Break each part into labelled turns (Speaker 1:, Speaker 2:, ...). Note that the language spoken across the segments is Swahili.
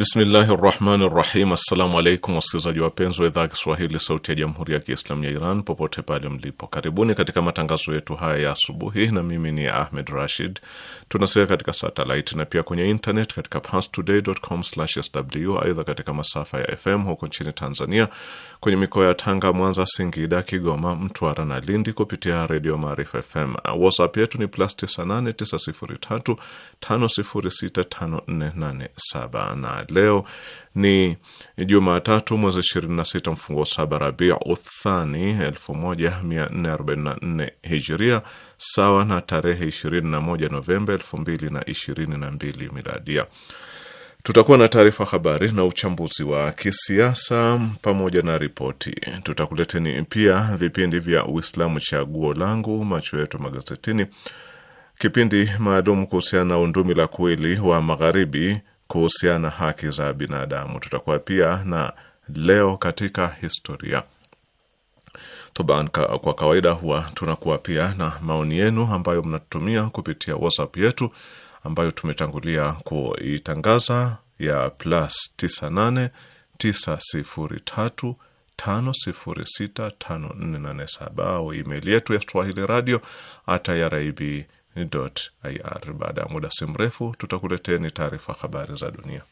Speaker 1: Bismillahi rahmani rahim. Assalamu alaikum wasikilizaji wapenzi wa idhaa Kiswahili sauti ya jamhuri ya Kiislamu ya Iran popote pale mlipo, karibuni katika matangazo yetu haya ya asubuhi, na mimi ni Ahmed Rashid. tunasika katika satellite na pia kwenye internet katika pastodaycom sw Aidha, katika masafa ya FM huko nchini Tanzania kwenye mikoa ya Tanga, Mwanza, Singida, Kigoma, Mtwara na Lindi kupitia redio Maarifa FM. WhatsApp yetu ni plus 98 903 Leo ni Jumatatu, mwezi 26 mfungo saba Rabia Uthani 1444 Hijria, sawa na tarehe 21 Novemba 2022 Miladia. Tutakuwa na taarifa habari na uchambuzi wa kisiasa pamoja na ripoti. Tutakuleteni pia vipindi vya Uislamu, chaguo langu, macho yetu magazetini, kipindi maalum kuhusiana na undumi la kweli wa magharibi kuhusiana na haki za binadamu. Tutakuwa pia na leo katika historia Toban. Kwa kawaida huwa tunakuwa pia na maoni yenu ambayo mnatutumia kupitia WhatsApp yetu ambayo tumetangulia kuitangaza ya plus 98 903 506 au email yetu ya swahili radio at ir. Baada ya muda si mrefu, tutakuleteni taarifa habari za dunia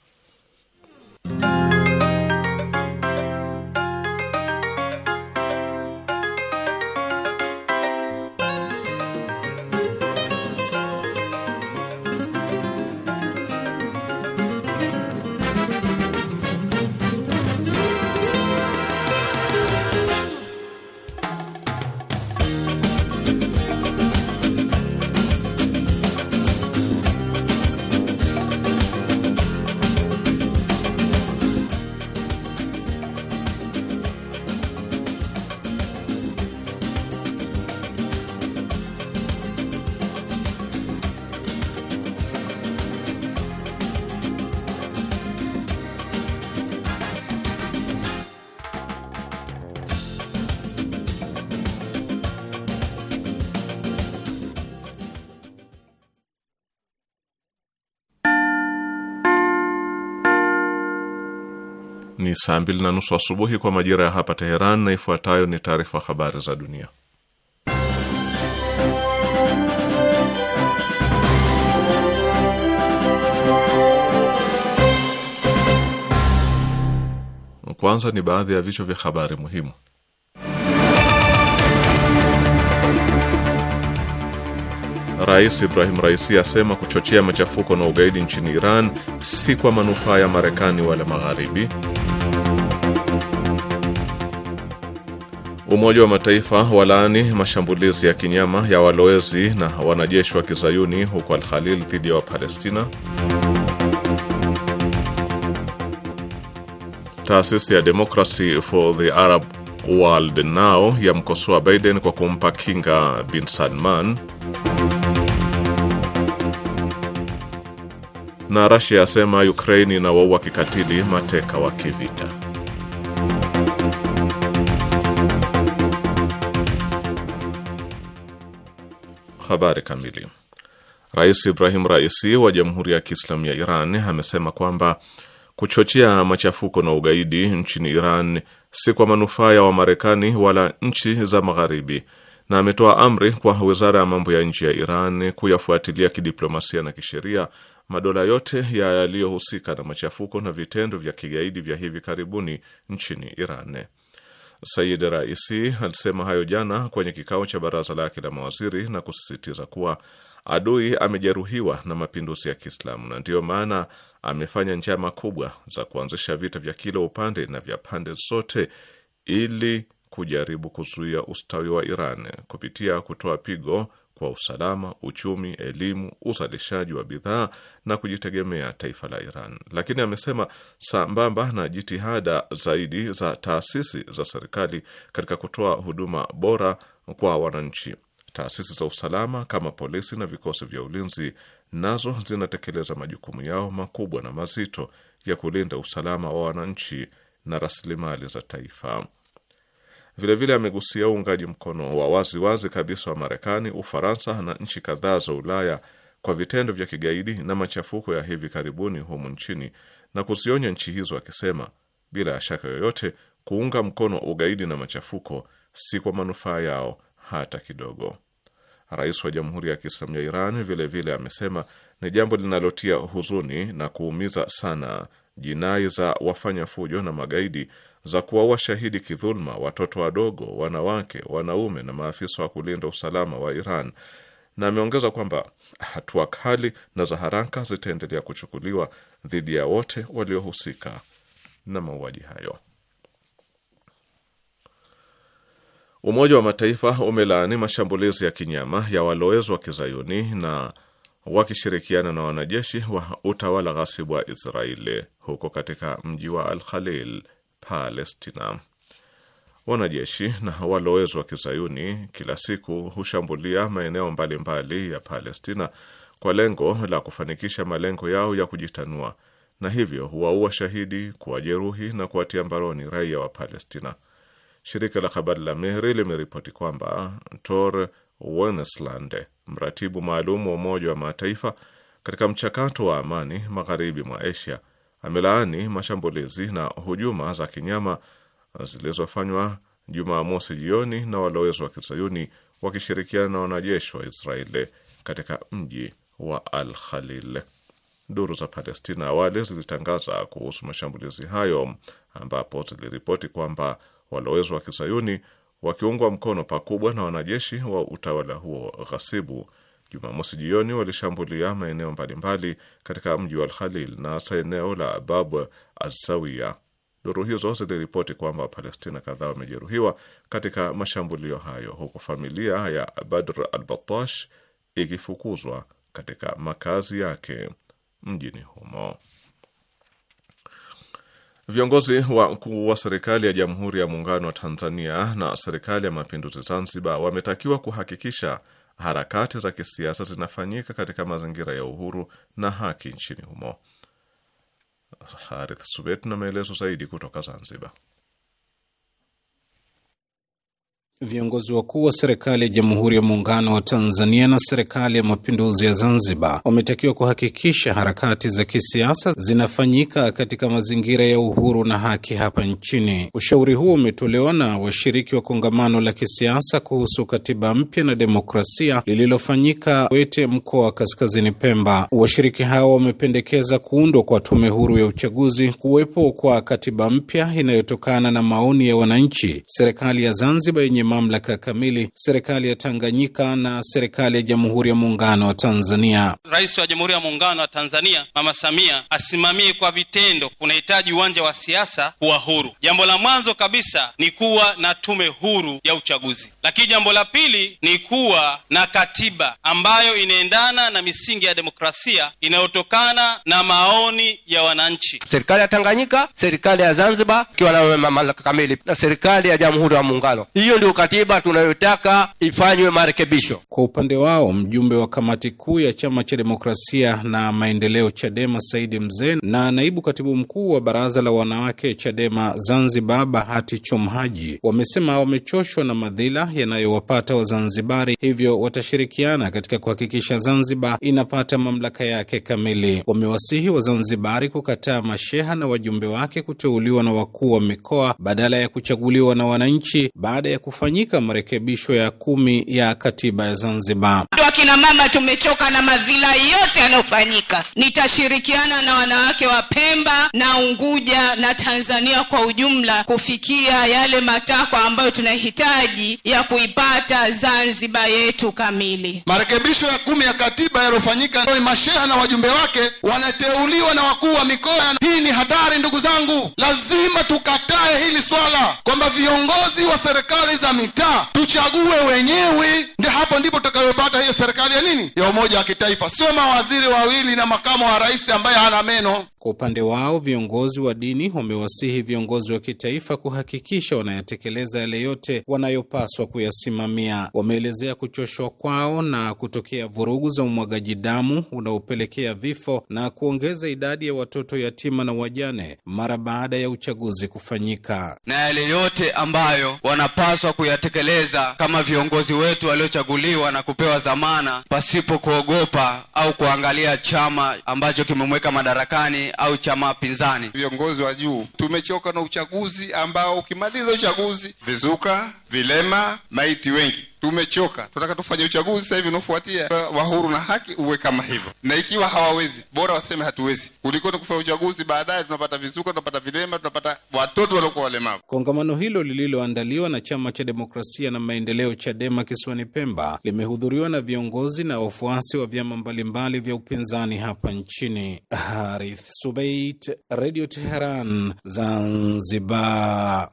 Speaker 1: saa mbili na nusu asubuhi kwa majira ya hapa Teheran, na ifuatayo ni taarifa habari za dunia. Kwanza ni baadhi ya vichwa vya habari muhimu. Rais Ibrahim Raisi asema kuchochea machafuko na ugaidi nchini Iran si kwa manufaa ya Marekani wala Magharibi. Umoja wa Mataifa walaani mashambulizi ya kinyama ya walowezi na wanajeshi wa kizayuni huko Al-Khalil dhidi ya Wapalestina. Taasisi ya Democracy for the Arab World Now yamkosoa Biden kwa kumpa kinga bin Salman, na Russia yasema Ukraine inawaua kikatili mateka wa kivita. Habari kamili. Rais Ibrahim Raisi wa Jamhuri ya Kiislamu ya Iran amesema kwamba kuchochea machafuko na ugaidi nchini Iran si kwa manufaa ya Wamarekani wala nchi za Magharibi, na ametoa amri kwa wizara ya mambo ya nje ya Iran kuyafuatilia kidiplomasia na kisheria madola yote yaliyohusika na machafuko na vitendo vya kigaidi vya hivi karibuni nchini Iran. Said Raisi alisema hayo jana kwenye kikao cha baraza lake la mawaziri na kusisitiza kuwa adui amejeruhiwa na mapinduzi ya Kiislamu na ndiyo maana amefanya njama kubwa za kuanzisha vita vya kila upande na vya pande zote ili kujaribu kuzuia ustawi wa Iran kupitia kutoa pigo kwa usalama, uchumi, elimu, uzalishaji wa bidhaa na kujitegemea taifa la Iran. Lakini amesema sambamba na jitihada zaidi za taasisi za serikali katika kutoa huduma bora kwa wananchi, taasisi za usalama kama polisi na vikosi vya ulinzi nazo zinatekeleza majukumu yao makubwa na mazito ya kulinda usalama wa wananchi na rasilimali za taifa. Vilevile amegusia uungaji mkono wa waziwazi wazi kabisa wa Marekani, Ufaransa na nchi kadhaa za Ulaya kwa vitendo vya kigaidi na machafuko ya hivi karibuni humu nchini na kuzionya nchi hizo, akisema bila ya shaka yoyote kuunga mkono ugaidi na machafuko si kwa manufaa yao hata kidogo. Rais wa Jamhuri ya Kiislamu ya Iran vilevile vile amesema ni jambo linalotia huzuni na kuumiza sana jinai za wafanya fujo na magaidi za kuwaua shahidi kidhuluma watoto wadogo, wanawake, wanaume na maafisa wa kulinda usalama wa Iran, na ameongeza kwamba hatua kali na za haraka zitaendelea kuchukuliwa dhidi ya wote waliohusika na mauaji hayo. Umoja wa Mataifa umelaani mashambulizi ya kinyama ya walowezi wa kizayuni na wakishirikiana na wanajeshi wa utawala ghasibu wa Israeli huko katika mji wa Al Khalil Palestina. Wanajeshi na walowezi wa kizayuni kila siku hushambulia maeneo mbalimbali ya Palestina kwa lengo la kufanikisha malengo yao ya kujitanua, na hivyo huwaua shahidi, kuwajeruhi na kuwatia mbaroni raia wa Palestina. Shirika la habari la Mehri limeripoti kwamba Tor Wennesland, mratibu maalum wa Umoja wa Mataifa katika mchakato wa amani magharibi mwa Asia, amelaani mashambulizi na hujuma za kinyama zilizofanywa Jumamosi jioni na walowezi wa kizayuni wakishirikiana na wanajeshi wa Israeli katika mji wa Al Khalil. Duru za Palestina awali zilitangaza kuhusu mashambulizi hayo, ambapo ziliripoti kwamba walowezi wa kizayuni wakiungwa mkono pakubwa na wanajeshi wa utawala huo ghasibu Jumamosi jioni walishambulia maeneo mbalimbali katika mji wa al na hasa eneo la Bab Azawiya. Duru hizo ziliripoti kwamba Wapalestina kadhaa wamejeruhiwa katika mashambulio hayo, huku familia ya Badr al batash ikifukuzwa katika makazi yake mjini humo. Viongozi wakuu wa serikali ya Jamhuri ya Muungano wa Tanzania na serikali ya Mapinduzi Zanzibar wametakiwa kuhakikisha harakati za kisiasa zinafanyika katika mazingira ya uhuru na haki nchini humo. Harith Subet na maelezo zaidi kutoka Zanzibar.
Speaker 2: Viongozi wakuu wa serikali ya Jamhuri ya Muungano wa Tanzania na serikali ya Mapinduzi ya Zanzibar wametakiwa kuhakikisha harakati za kisiasa zinafanyika katika mazingira ya uhuru na haki hapa nchini. Ushauri huo umetolewa na washiriki wa kongamano la kisiasa kuhusu katiba mpya na demokrasia lililofanyika Wete, mkoa wa Kaskazini Pemba. Washiriki hao wamependekeza kuundwa kwa tume huru ya uchaguzi, kuwepo kwa katiba mpya inayotokana na maoni ya wananchi, serikali ya Zanzibar yenye mamlaka kamili serikali ya Tanganyika na serikali ya Jamhuri ya Muungano wa Tanzania. Rais wa Jamhuri ya Muungano wa Tanzania Mama Samia asimamie kwa vitendo, kunahitaji uwanja wa siasa kuwa huru. Jambo la mwanzo kabisa ni kuwa na tume huru ya uchaguzi, lakini jambo la pili ni kuwa na katiba ambayo inaendana na misingi ya demokrasia inayotokana na maoni ya wananchi.
Speaker 3: Serikali ya Tanganyika, serikali ya Zanzibar ikiwa na mamlaka kamili na serikali ya Jamhuri ya Muungano, hiyo ndio katiba tunayotaka ifanywe marekebisho.
Speaker 2: Kwa upande wao, mjumbe wa kamati kuu ya chama cha demokrasia na maendeleo Chadema Saidi Mzee na naibu katibu mkuu wa baraza la wanawake Chadema Zanzibar Bahati Chomhaji wamesema wamechoshwa na madhila yanayowapata Wazanzibari, hivyo watashirikiana katika kuhakikisha Zanzibar inapata mamlaka yake kamili. Wamewasihi Wazanzibari kukataa masheha na wajumbe wake kuteuliwa na wakuu wa mikoa badala ya kuchaguliwa na wananchi baada ya kufanya kufanyika marekebisho ya kumi ya katiba ya Zanzibar.
Speaker 4: Wakina mama tumechoka na madhila yote yanayofanyika. Nitashirikiana na wanawake wa Pemba na Unguja na Tanzania kwa ujumla kufikia yale matakwa ambayo tunahitaji ya kuipata Zanzibar yetu kamili.
Speaker 1: Marekebisho ya kumi ya katiba
Speaker 2: yaliyofanyika, masheha na wajumbe wake wanateuliwa na wakuu wa mikoa. Hii ni hatari,
Speaker 1: ndugu zangu, lazima tukatae hili swala kwamba viongozi wa serikali za mitaa, tuchague wenyewe, ndio hapo ndipo tutakayopata hiyo serikali ya nini, ya umoja wa kitaifa, sio mawaziri wawili na makamu wa rais ambaye hana meno.
Speaker 2: Kwa upande wao viongozi wa dini wamewasihi viongozi wa kitaifa kuhakikisha wanayatekeleza yale yote wanayopaswa kuyasimamia. Wameelezea kuchoshwa kwao na kutokea vurugu za umwagaji damu unaopelekea vifo na kuongeza idadi ya watoto yatima na wajane mara baada ya uchaguzi kufanyika,
Speaker 5: na yale yote ambayo
Speaker 2: wanapaswa kuy kuyatekeleza kama viongozi wetu waliochaguliwa na kupewa zamana pasipo kuogopa au kuangalia chama ambacho kimemweka madarakani au chama pinzani. Viongozi wa juu tumechoka na uchaguzi ambao ukimaliza uchaguzi vizuka, vilema, maiti wengi tumechoka, tunataka tufanye uchaguzi sasa hivi unaofuatia wa huru na haki uwe kama hivyo. Na ikiwa hawawezi, bora waseme hatuwezi, kuliko ni kufanya uchaguzi baadaye tunapata vizuka tunapata vilema, tunapata watoto waliokuwa walemavu. Kongamano hilo lililoandaliwa na chama cha demokrasia na maendeleo Chadema kisiwani Pemba limehudhuriwa na viongozi na wafuasi wa vyama mbalimbali vya upinzani hapa nchini. Harith Subait, Radio
Speaker 1: Teheran, Zanzibar.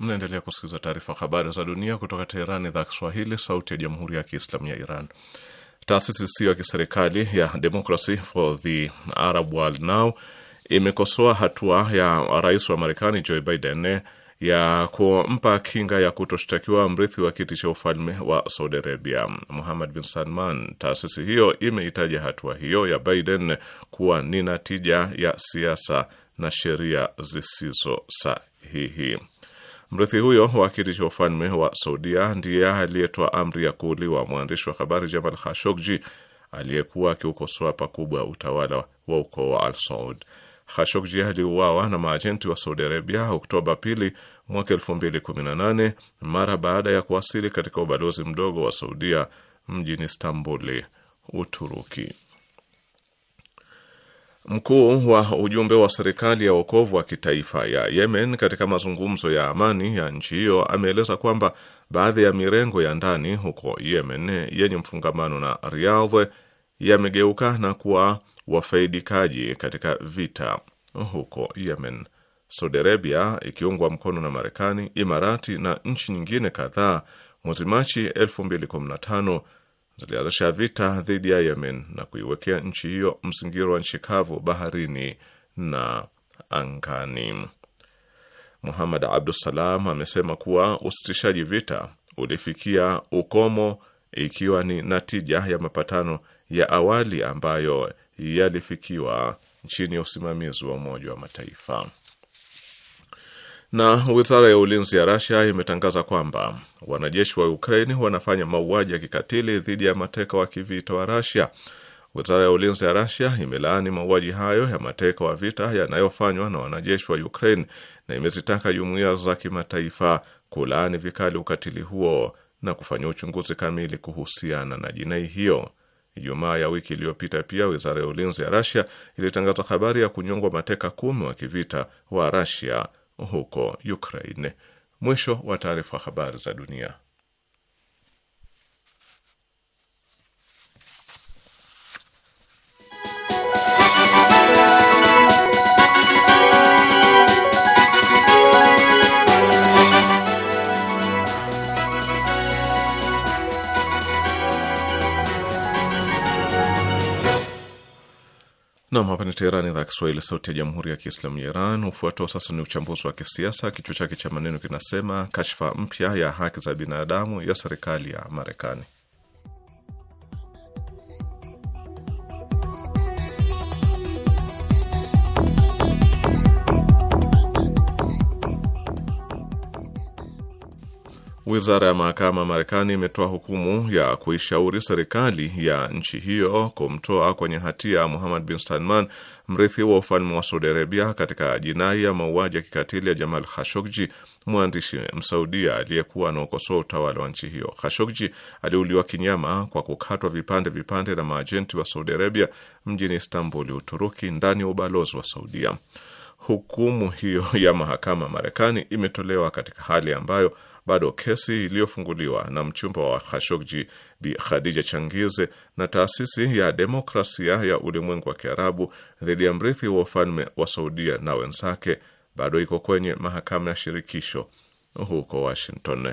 Speaker 1: Mnaendelea kusikiliza taarifa habari za dunia kutoka Teherani, idhaa Kiswahili, sauti ya jamhuri ya kiislamu ya Iran. Taasisi isiyo ya kiserikali ya Democracy for the Arab World Now imekosoa hatua ya rais wa Marekani Joe Biden ya kumpa kinga ya kutoshtakiwa mrithi wa kiti cha ufalme wa Saudi Arabia Muhammad bin Salman. Taasisi hiyo imeitaja hatua hiyo ya Biden kuwa ni natija ya siasa na sheria zisizo sahihi. Mrithi huyo wa kiti cha ufalme wa Saudia ndiye aliyetoa amri ya kuuliwa mwandishi wa habari Jamal Khashoggi aliyekuwa akiukosoa pakubwa utawala wa ukoo wa Al Saud. Khashoggi aliuawa na maajenti wa Saudi Arabia Oktoba pili mwaka nane mara baada ya kuwasili katika ubalozi mdogo wa Saudia mjini istanbuli Uturuki. Mkuu wa ujumbe wa serikali ya wokovu wa kitaifa ya Yemen katika mazungumzo ya amani ya nchi hiyo ameeleza kwamba baadhi ya mirengo ya ndani huko Yemen yenye mfungamano na Riyadh yamegeuka na kuwa wafaidikaji katika vita huko Yemen. Saudi Arabia ikiungwa mkono na Marekani, Imarati na nchi nyingine kadhaa mwezi Machi 2015 alianzisha vita dhidi ya Yemen na kuiwekea nchi hiyo mzingiro wa nchi kavu, baharini na angani. Muhammad Abdusalam amesema kuwa usitishaji vita ulifikia ukomo ikiwa ni natija ya mapatano ya awali ambayo yalifikiwa chini ya usimamizi wa Umoja wa Mataifa. Na wizara ya ulinzi ya Rasia imetangaza kwamba wanajeshi wa Ukraini wanafanya mauaji ya kikatili dhidi ya mateka wa kivita wa Rasia. Wizara ya ulinzi ya Rasia imelaani mauaji hayo ya mateka wa vita yanayofanywa na wanajeshi wa Ukraine na imezitaka jumuiya za kimataifa kulaani vikali ukatili huo na kufanya uchunguzi kamili kuhusiana na jinai hiyo. Ijumaa ya wiki iliyopita pia wizara ya ulinzi ya Rasia ilitangaza habari ya kunyongwa mateka kumi wa kivita wa Rasia huko Ukraine. Mwisho wa taarifa. Habari za dunia. Nam, hapa ni Teherani, idhaa ya Kiswahili, sauti ya jamhuri ya kiislamu ya Iran. Hufuatao sasa ni uchambuzi wa kisiasa, kichwa chake cha maneno kinasema kashfa mpya ya haki za binadamu ya serikali ya Marekani. Wizara ya mahakama Marekani imetoa hukumu ya kuishauri serikali ya nchi hiyo kumtoa kwenye hatia Muhammad bin Salman, mrithi wa ufalme wa Saudi Arabia, katika jinai ya mauaji ya kikatili ya Jamal Khashogji, mwandishi msaudia aliyekuwa anaokosoa utawala wa nchi hiyo. Khashogji aliuliwa kinyama kwa kukatwa vipande vipande na maajenti wa Saudi Arabia mjini Istanbul, Uturuki, ndani ya ubalozi wa Saudia. Hukumu hiyo ya mahakama Marekani imetolewa katika hali ambayo bado kesi iliyofunguliwa na mchumba wa Khashoggi Bi Khadija Changize na taasisi ya demokrasia ya ulimwengu wa Kiarabu dhidi ya mrithi wa ufalme wa Saudia na wenzake bado iko kwenye mahakama ya shirikisho huko Washington.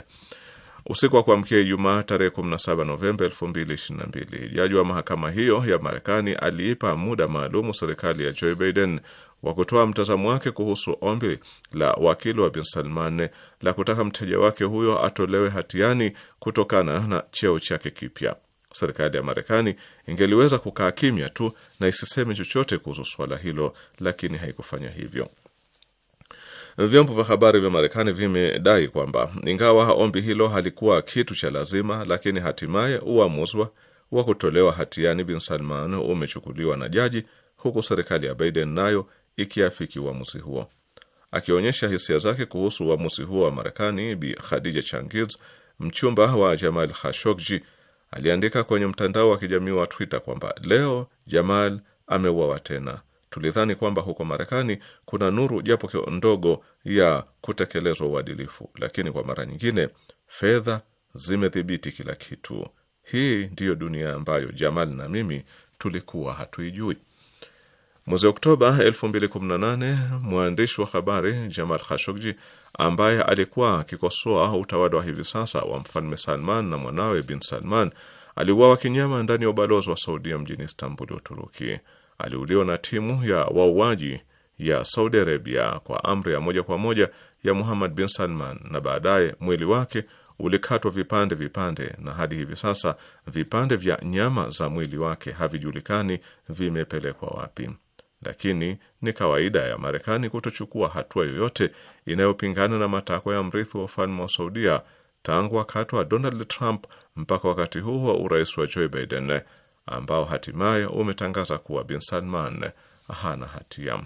Speaker 1: Usiku wa kuamkia Ijumaa tarehe 17 Novemba 2022, jaji wa mahakama hiyo ya Marekani aliipa muda maalumu serikali ya Joe Biden wa kutoa mtazamo wake kuhusu ombi la wakili wa bin Salman la kutaka mteja wake huyo atolewe hatiani kutokana na cheo chake kipya. Serikali ya Marekani ingeliweza kukaa kimya tu na isiseme chochote kuhusu suala hilo, lakini haikufanya hivyo. Vyombo vya habari vya Marekani vimedai kwamba ingawa ombi hilo halikuwa kitu cha lazima, lakini hatimaye uamuzwa wa kutolewa hatiani bin Salman umechukuliwa na jaji, huku serikali ya Biden nayo ikiafiki uamuzi huo. Akionyesha hisia zake kuhusu uamuzi huo wa Marekani, Bi Khadija Changiz, mchumba wa Jamal Khashoggi, aliandika kwenye mtandao wa kijamii wa Twitter kwamba leo Jamal ameuawa tena. Tulidhani kwamba huko Marekani kuna nuru japo ndogo ya kutekelezwa uadilifu, lakini kwa mara nyingine fedha zimedhibiti kila kitu. Hii ndiyo dunia ambayo Jamal na mimi tulikuwa hatuijui. Mwezi Oktoba 2018 mwandishi wa habari Jamal Khashoggi ambaye alikuwa akikosoa utawala wa hivi sasa wa mfalme Salman na mwanawe bin Salman aliuawa kinyama ndani ya ubalozi wa Saudia mjini Istanbul, Uturuki. Aliuliwa na timu ya wauaji ya Saudi Arabia kwa amri ya moja kwa moja ya Muhammad bin Salman, na baadaye mwili wake ulikatwa vipande vipande, na hadi hivi sasa vipande vya nyama za mwili wake havijulikani vimepelekwa wapi lakini ni kawaida ya Marekani kutochukua hatua yoyote inayopingana na matakwa ya mrithi wa ufalme wa Saudia tangu wakati wa Donald Trump mpaka wakati huu wa urais wa Joe Biden ambao hatimaye umetangaza kuwa Bin Salman hana hatia.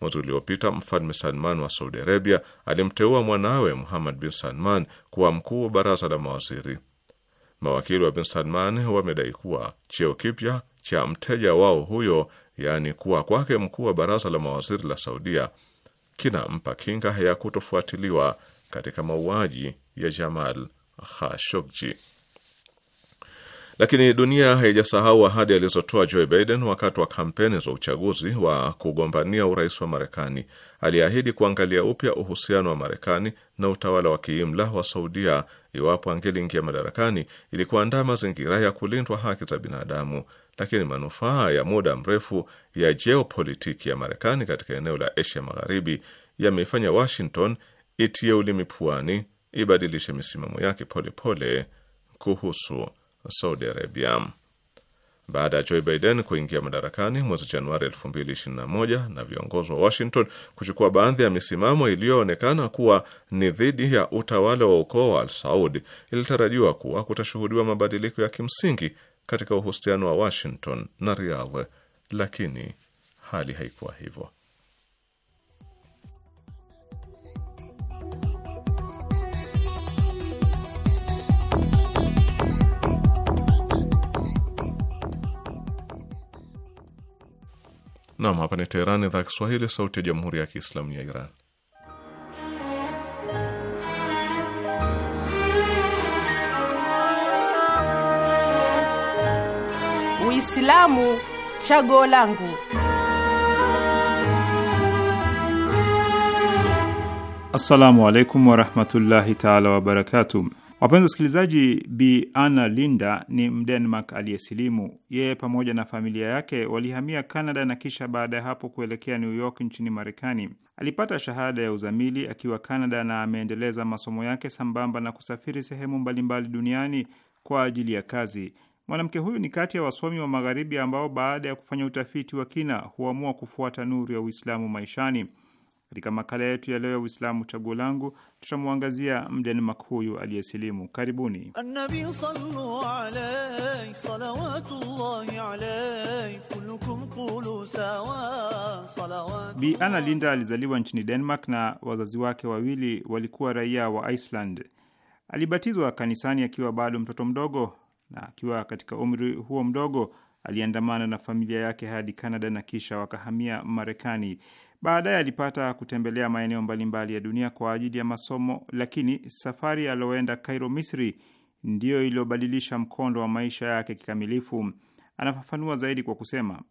Speaker 1: Mwezi uliopita mfalme Salman wa Saudi Arabia alimteua mwanawe Muhammad Bin Salman kuwa mkuu wa baraza la mawaziri. Mawakili wa Bin Salman wamedai kuwa cheo kipya cha mteja wao huyo yaani kuwa kwake mkuu wa baraza la mawaziri la Saudia kinampa kinga ya kutofuatiliwa katika mauaji ya Jamal Khashoggi. Lakini dunia haijasahau ahadi alizotoa Joe Biden wakati wa kampeni za uchaguzi wa kugombania urais wa Marekani. Aliahidi kuangalia upya uhusiano wa Marekani na utawala wa kiimla wa Saudia iwapo angeliingia madarakani, ili kuandaa mazingira ya kulindwa haki za binadamu lakini manufaa ya muda mrefu ya jeopolitiki ya Marekani katika eneo la Asia Magharibi yameifanya Washington itie ulimi puani, ibadilishe misimamo yake polepole kuhusu Saudi Arabia. Baada ya Joe Biden kuingia madarakani mwezi Januari 2021 na viongozi wa Washington kuchukua baadhi ya misimamo iliyoonekana kuwa ni dhidi ya utawala wa ukoo wa Al Saud, ilitarajiwa kuwa kutashuhudiwa mabadiliko ya kimsingi katika uhusiano wa Washington na Riyadh, lakini hali haikuwa hivyo. Nam, hapa ni Teherani, idhaa Kiswahili, sauti ya jamhuri ya kiislamu ya Iran.
Speaker 4: Uislamu chaguo langu.
Speaker 6: Assalamu alaikum warahmatullahi taala wabarakatu. Wapenzi wasikilizaji, Bi Anna Linda ni Mdenmark aliyesilimu. Yeye pamoja na familia yake walihamia Canada na kisha baada ya hapo kuelekea New York nchini Marekani. Alipata shahada ya uzamili akiwa Canada na ameendeleza masomo yake sambamba na kusafiri sehemu mbalimbali duniani kwa ajili ya kazi. Mwanamke huyu ni kati ya wasomi wa Magharibi ambao baada ya kufanya utafiti wa kina huamua kufuata nuru ya Uislamu maishani. Katika makala yetu ya leo ya Uislamu chaguo langu, tutamwangazia mdenmark huyu aliyesilimu. Karibuni. Bi Anna Linda alizaliwa nchini Denmark na wazazi wake wawili walikuwa raia wa Iceland. Alibatizwa kanisani akiwa bado mtoto mdogo na akiwa katika umri huo mdogo aliandamana na familia yake hadi Kanada na kisha wakahamia Marekani. Baadaye alipata kutembelea maeneo mbalimbali ya dunia kwa ajili ya masomo, lakini safari aliyoenda Kairo, Misri, ndiyo iliyobadilisha mkondo wa maisha yake kikamilifu. Anafafanua zaidi kwa kusema,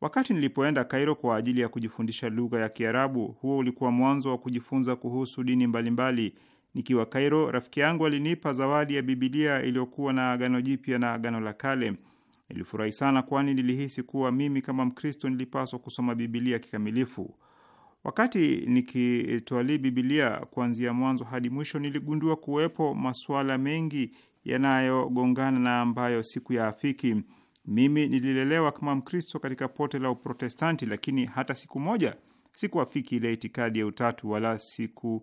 Speaker 6: wakati nilipoenda Kairo kwa ajili ya kujifundisha lugha ya Kiarabu, huo ulikuwa mwanzo wa kujifunza kuhusu dini mbalimbali mbali, Nikiwa Kairo, rafiki yangu alinipa zawadi ya Bibilia iliyokuwa na Agano Jipya na Agano la Kale. Nilifurahi sana, kwani nilihisi kuwa mimi kama Mkristo nilipaswa kusoma Bibilia kikamilifu. Wakati nikitwalii Bibilia kuanzia mwanzo hadi mwisho, niligundua kuwepo masuala mengi yanayogongana na ambayo siku ya afiki. Mimi nililelewa kama Mkristo katika pote la Uprotestanti, lakini hata siku moja sikuafiki ile itikadi ya utatu wala siku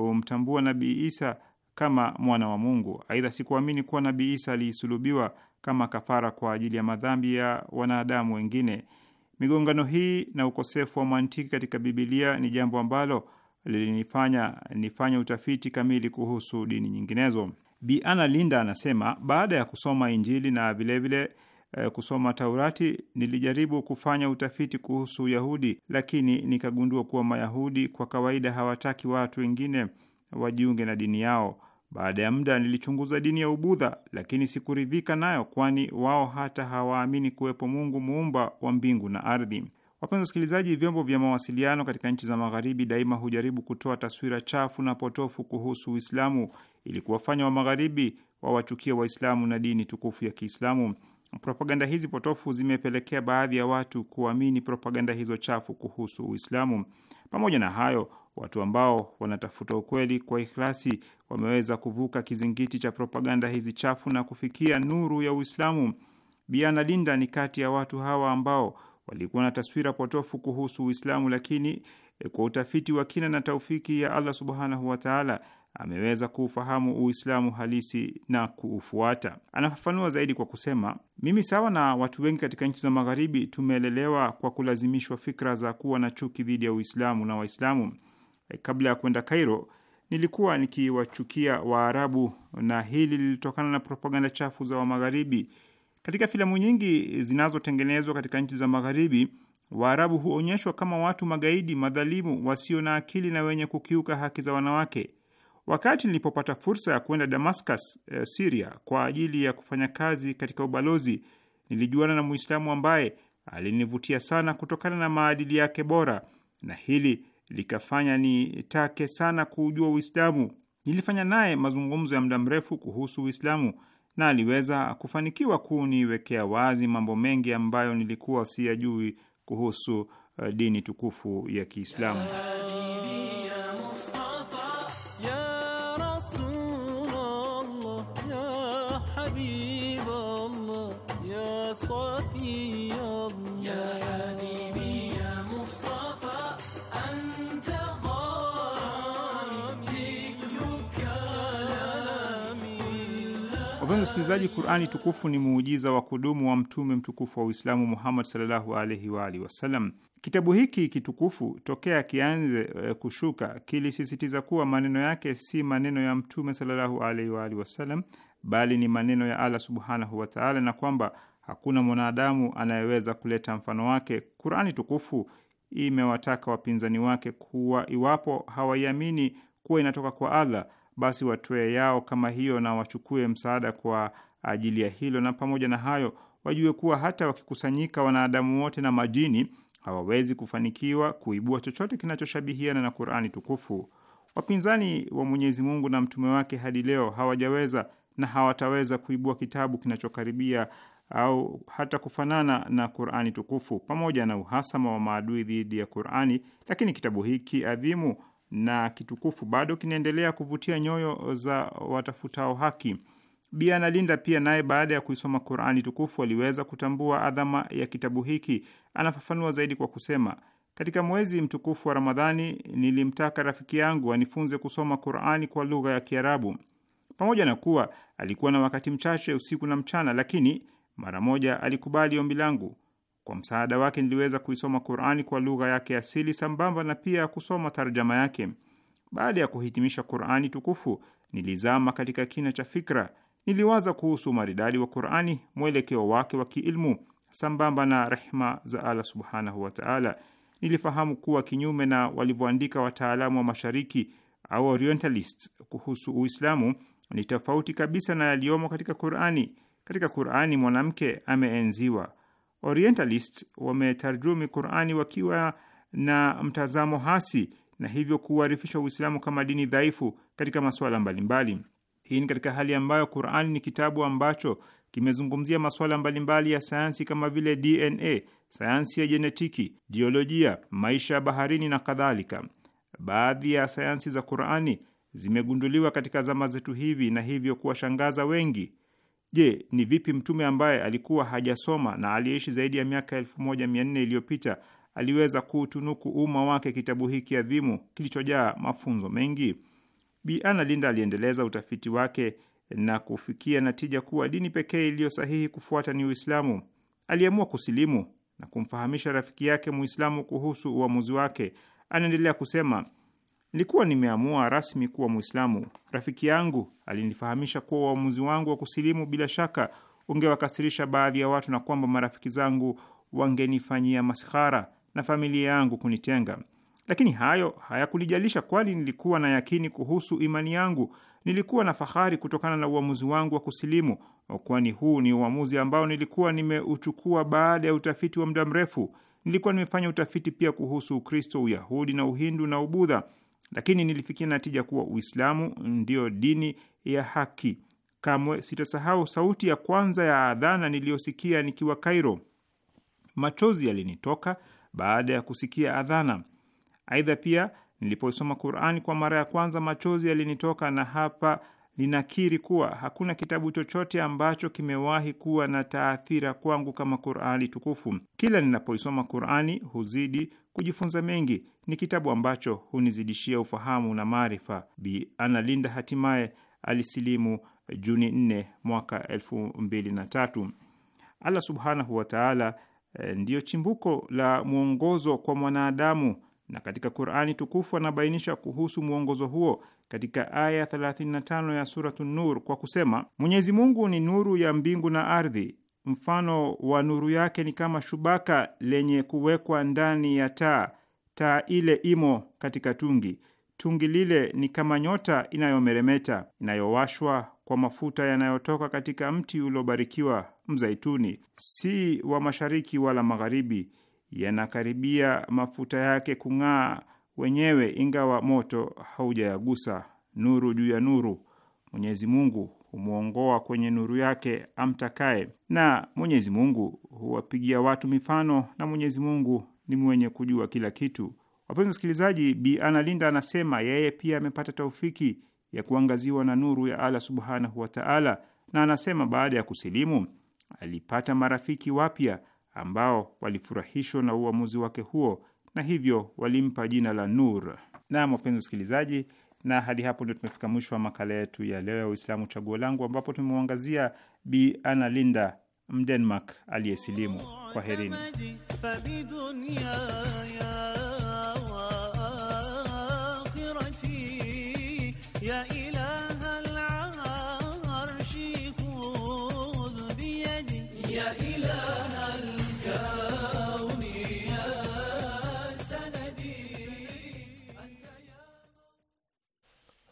Speaker 6: humtambua Nabii Isa kama mwana wa Mungu. Aidha, sikuamini kuwa Nabii Isa alisulubiwa kama kafara kwa ajili ya madhambi ya wanadamu wengine. Migongano hii na ukosefu wa mantiki katika Bibilia ni jambo ambalo lilinifanya nifanye utafiti kamili kuhusu dini nyinginezo. Bi Ana Linda anasema baada ya kusoma Injili na vilevile Eh, kusoma Taurati, nilijaribu kufanya utafiti kuhusu Uyahudi, lakini nikagundua kuwa Mayahudi kwa kawaida hawataki watu wengine wajiunge na dini yao. Baada ya muda nilichunguza dini ya Ubudha, lakini sikuridhika nayo, kwani wao hata hawaamini kuwepo Mungu muumba wa mbingu na ardhi. Wapenzi wasikilizaji, vyombo vya mawasiliano katika nchi za Magharibi daima hujaribu kutoa taswira chafu na potofu kuhusu Uislamu ili kuwafanya wa Magharibi wawachukie Waislamu na dini tukufu ya Kiislamu. Propaganda hizi potofu zimepelekea baadhi ya watu kuamini propaganda hizo chafu kuhusu Uislamu. Pamoja na hayo, watu ambao wanatafuta ukweli kwa ikhlasi wameweza kuvuka kizingiti cha propaganda hizi chafu na kufikia nuru ya Uislamu. biana linda ni kati ya watu hawa ambao walikuwa na taswira potofu kuhusu Uislamu, lakini kwa utafiti wa kina na taufiki ya Allah subhanahu wataala ameweza kuufahamu Uislamu halisi na kuufuata. Anafafanua zaidi kwa kusema, mimi sawa na watu wengi katika nchi za Magharibi tumelelewa kwa kulazimishwa fikra za kuwa na chuki dhidi ya Uislamu na Waislamu. Eh, kabla ya kwenda Kairo nilikuwa nikiwachukia Waarabu, na hili lilitokana na propaganda chafu za Wamagharibi. Katika filamu nyingi zinazotengenezwa katika nchi za Magharibi, Waarabu huonyeshwa kama watu magaidi, madhalimu, wasio na akili na wenye kukiuka haki za wanawake. Wakati nilipopata fursa ya kwenda Damascus, e, eh, Siria kwa ajili ya kufanya kazi katika ubalozi, nilijuana na Muislamu ambaye alinivutia sana kutokana na maadili yake bora, na hili likafanya nitake sana kuujua Uislamu. Nilifanya naye mazungumzo ya muda mrefu kuhusu Uislamu na aliweza kufanikiwa kuniwekea wazi mambo mengi ambayo nilikuwa siyajui kuhusu eh, dini tukufu ya Kiislamu. msikilizaji, Qurani tukufu ni muujiza wa kudumu wa mtume mtukufu wa Uislamu Muhammad sallallahu alaihi wa alihi wasallam. Kitabu hiki kitukufu tokea kianze eh, kushuka kilisisitiza kuwa maneno yake si maneno ya mtume sallallahu alaihi wa alihi wasallam, bali ni maneno ya Allah subhanahu wataala, na kwamba hakuna mwanadamu anayeweza kuleta mfano wake. Qurani tukufu imewataka wapinzani wake kuwa iwapo hawaiamini kuwa inatoka kwa Allah basi watoe yao kama hiyo na wachukue msaada kwa ajili ya hilo. Na pamoja na hayo, wajue kuwa hata wakikusanyika wanadamu wote na majini hawawezi kufanikiwa kuibua chochote kinachoshabihiana na Qur'ani tukufu. Wapinzani wa Mwenyezi Mungu na mtume wake hadi leo hawajaweza na hawataweza kuibua kitabu kinachokaribia au hata kufanana na Qur'ani tukufu, pamoja na uhasama wa maadui dhidi ya Qur'ani, lakini kitabu hiki adhimu na kitukufu bado kinaendelea kuvutia nyoyo za watafutao haki. Bi Analinda pia naye, baada ya kuisoma Qurani tukufu, aliweza kutambua adhama ya kitabu hiki. Anafafanua zaidi kwa kusema, katika mwezi mtukufu wa Ramadhani nilimtaka rafiki yangu anifunze kusoma Qurani kwa lugha ya Kiarabu. Pamoja na kuwa alikuwa na wakati mchache usiku na mchana, lakini mara moja alikubali ombi langu. Kwa msaada wake niliweza kuisoma Qurani kwa lugha yake asili sambamba na pia kusoma tarjama yake. Baada ya kuhitimisha Qurani tukufu, nilizama katika kina cha fikra. Niliwaza kuhusu maridadi wa Qurani, mwelekeo wake wa kiilmu sambamba na rehma za Allah subhanahu wataala. Nilifahamu kuwa kinyume na walivyoandika wataalamu wa mashariki au orientalist kuhusu Uislamu ni tofauti kabisa na yaliyomo katika Qurani. Katika Qurani mwanamke ameenziwa Orientalist wametarjumi Qurani wakiwa na mtazamo hasi na hivyo kuuharifisha Uislamu kama dini dhaifu katika masuala mbalimbali. Hii ni katika hali ambayo Qurani ni kitabu ambacho kimezungumzia masuala mbalimbali ya sayansi kama vile DNA, sayansi ya jenetiki, jiolojia, maisha ya baharini na kadhalika. Baadhi ya sayansi za Qurani zimegunduliwa katika zama zetu hivi na hivyo kuwashangaza wengi. Je, ni vipi mtume ambaye alikuwa hajasoma na aliyeishi zaidi ya miaka elfu moja mia nne iliyopita aliweza kuutunuku umma wake kitabu hiki adhimu kilichojaa mafunzo mengi? Bi Ana Linda aliendeleza utafiti wake na kufikia natija kuwa dini pekee iliyo sahihi kufuata ni Uislamu. Aliamua kusilimu na kumfahamisha rafiki yake Muislamu kuhusu uamuzi wake. Anaendelea kusema Nilikuwa nimeamua rasmi kuwa Mwislamu. Rafiki yangu alinifahamisha kuwa uamuzi wangu wa kusilimu bila shaka ungewakasirisha baadhi ya watu na kwamba marafiki zangu wangenifanyia maskhara na familia yangu kunitenga, lakini hayo hayakunijalisha, kwani nilikuwa na yakini kuhusu imani yangu. Nilikuwa na fahari kutokana na uamuzi wangu wa kusilimu, kwani huu ni uamuzi ambao nilikuwa nimeuchukua baada ya utafiti wa muda mrefu. Nilikuwa nimefanya utafiti pia kuhusu Ukristo, Uyahudi na Uhindu na Ubudha lakini nilifikia natija kuwa Uislamu ndiyo dini ya haki. Kamwe sitasahau sauti ya kwanza ya adhana niliyosikia nikiwa Kairo. Machozi yalinitoka baada ya kusikia adhana. Aidha, pia niliposoma Qurani kwa mara ya kwanza machozi yalinitoka, na hapa ninakiri kuwa hakuna kitabu chochote ambacho kimewahi kuwa na taathira kwangu kama Qurani tukufu. Kila ninapoisoma Qurani huzidi kujifunza mengi. Ni kitabu ambacho hunizidishia ufahamu na maarifa. Bi Analinda hatimaye alisilimu Juni 4 mwaka elfu Allah subhanahu wataala eh, ndiyo chimbuko la mwongozo kwa mwanadamu, na katika Qurani tukufu anabainisha kuhusu mwongozo huo katika aya 35 ya suratu Nur kwa kusema, Mwenyezi Mungu ni nuru ya mbingu na ardhi, mfano wa nuru yake ni kama shubaka lenye kuwekwa ndani ya taa. Taa ile imo katika tungi, tungi lile ni kama nyota inayomeremeta inayowashwa kwa mafuta yanayotoka katika mti uliobarikiwa mzaituni, si wa mashariki wala magharibi, yanakaribia mafuta yake kung'aa wenyewe, ingawa moto haujayagusa. Nuru juu ya nuru, Mwenyezi Mungu humwongoa kwenye nuru yake amtakaye, na Mwenyezi Mungu huwapigia watu mifano, na Mwenyezi Mungu ni mwenye kujua kila kitu. Wapenzi wasikilizaji, Bi Analinda anasema yeye pia amepata taufiki ya kuangaziwa na nuru ya Allah subhanahu wataala, na anasema baada ya kusilimu alipata marafiki wapya ambao walifurahishwa na uamuzi wake huo na hivyo walimpa jina la Nur. Naam, wapenzi wasikilizaji, na hadi hapo ndio tumefika mwisho wa makala yetu ya leo ya Uislamu Chaguo Langu, ambapo tumemwangazia Bi Ana Linda Mdenmark aliyesilimu. kwa herini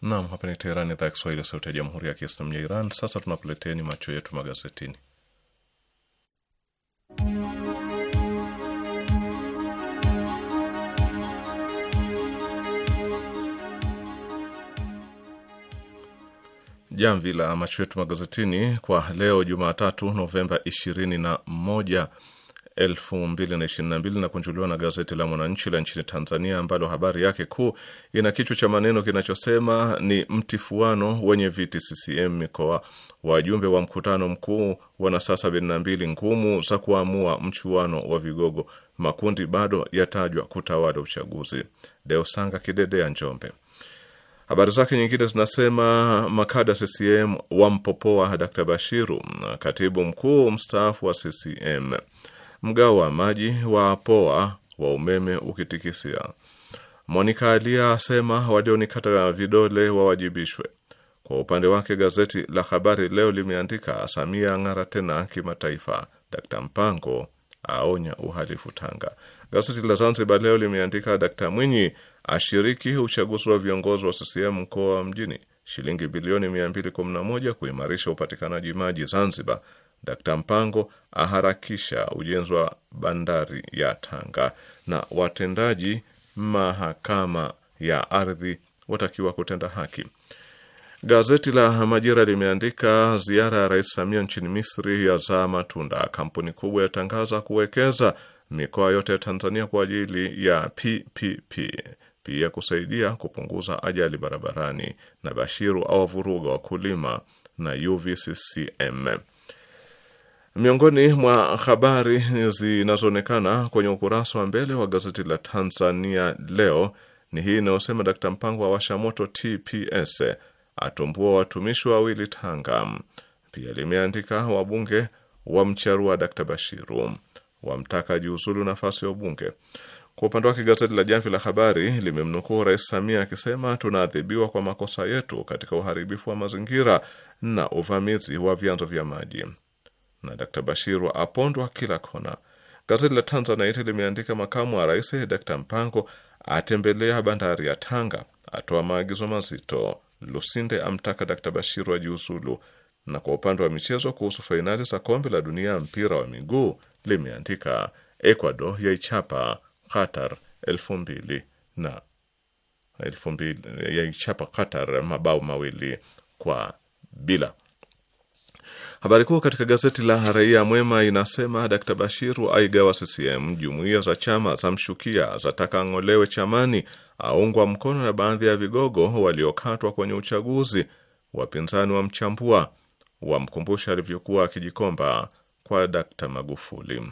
Speaker 1: Naam, hapa ni Teherani, idhaa ya Kiswahili, sauti ya jamhuri ya kiislamu ya Iran. Sasa tunakuleteni macho yetu magazetini. Jamvi la macho yetu magazetini kwa leo Jumatatu Novemba moja 222 na kunjuliwa na gazeti la Mwananchi la nchini Tanzania, ambalo habari yake kuu ina kichwa cha maneno kinachosema ni mtifuano wenye viti CCM mikoa. Wajumbe wa mkutano mkuu wana saa 72 ngumu za kuamua mchuano wa vigogo. Makundi bado yatajwa kutawala uchaguzi. Deusanga kidedea Njombe. Habari zake nyingine zinasema makada CCM wampopoa Dkt Bashiru, katibu mkuu mstaafu wa CCM mgao wa maji wa poa wa umeme ukitikisia. Monika Alia asema walionikata vidole wawajibishwe. Kwa upande wake gazeti la Habari Leo limeandika Samia ng'ara tena kimataifa, Dkt Mpango aonya uhalifu Tanga. Gazeti la Zanzibar Leo limeandika Dkt Mwinyi ashiriki uchaguzi wa viongozi wa CCM mkoa wa mjini, shilingi bilioni 211 kuimarisha upatikanaji maji Zanzibar. Dkt Mpango aharakisha ujenzi wa bandari ya Tanga, na watendaji mahakama ya ardhi watakiwa kutenda haki. Gazeti la Majira limeandika ziara ya Rais Samia nchini Misri yazaa matunda, kampuni kubwa yatangaza kuwekeza mikoa yote ya Tanzania kwa ajili ya PPP, pia kusaidia kupunguza ajali barabarani, na Bashiru awavuruga wakulima na UVCCM. Miongoni mwa habari zinazoonekana kwenye ukurasa wa mbele wa gazeti la Tanzania Leo ni hii inayosema Dkt Mpango wa moto TPS, atumbua watumishi wawili Tanga. Pia limeandika wabunge wamcharua Dkt Bashiru, wamtaka jiuzulu nafasi ya ubunge. Kwa upande wake gazeti la Jamvi la Habari limemnukuu Rais Samia akisema tunaadhibiwa kwa makosa yetu katika uharibifu wa mazingira na uvamizi wa vyanzo vya maji na Dkt Bashir wa apondwa kila kona. Gazeti la Tanzanite limeandika makamu wa rais Dr Mpango atembelea bandari ya Tanga, atoa maagizo mazito. Lusinde amtaka Dkt Bashir wajiuzulu. Na kwa upande wa michezo, kuhusu fainali za kombe la dunia mpira wa miguu limeandika Ecuador yaichapa Qatar elfu mbili na elfu mbili yaichapa Qatar mabao mawili kwa bila. Habari kuu katika gazeti la Raia Mwema inasema Dkt Bashiru aigawa CCM, jumuiya za chama za mshukia zataka ng'olewe chamani, aungwa mkono na baadhi ya vigogo waliokatwa kwenye uchaguzi, wapinzani wa mchambua wamkumbusha alivyokuwa akijikomba kwa Dkt Magufuli.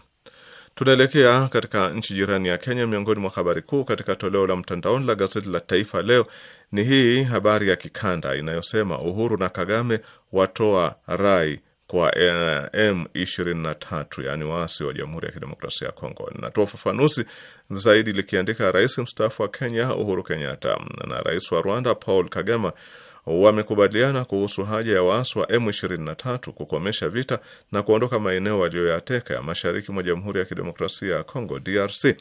Speaker 1: Tunaelekea katika nchi jirani ya Kenya. Miongoni mwa habari kuu katika toleo la mtandaoni la gazeti la Taifa Leo ni hii habari ya kikanda inayosema Uhuru na Kagame watoa rai kwa eh, M23, yaani waasi wa Jamhuri ya Kidemokrasia ya Kongo. Linatoa ufafanuzi zaidi likiandika, rais mstaafu wa Kenya Uhuru Kenyatta na rais wa Rwanda Paul Kagame wamekubaliana kuhusu haja ya waasi wa M23 kukomesha vita na kuondoka maeneo waliyoyateka ya mashariki mwa Jamhuri ya Kidemokrasia ya Kongo DRC.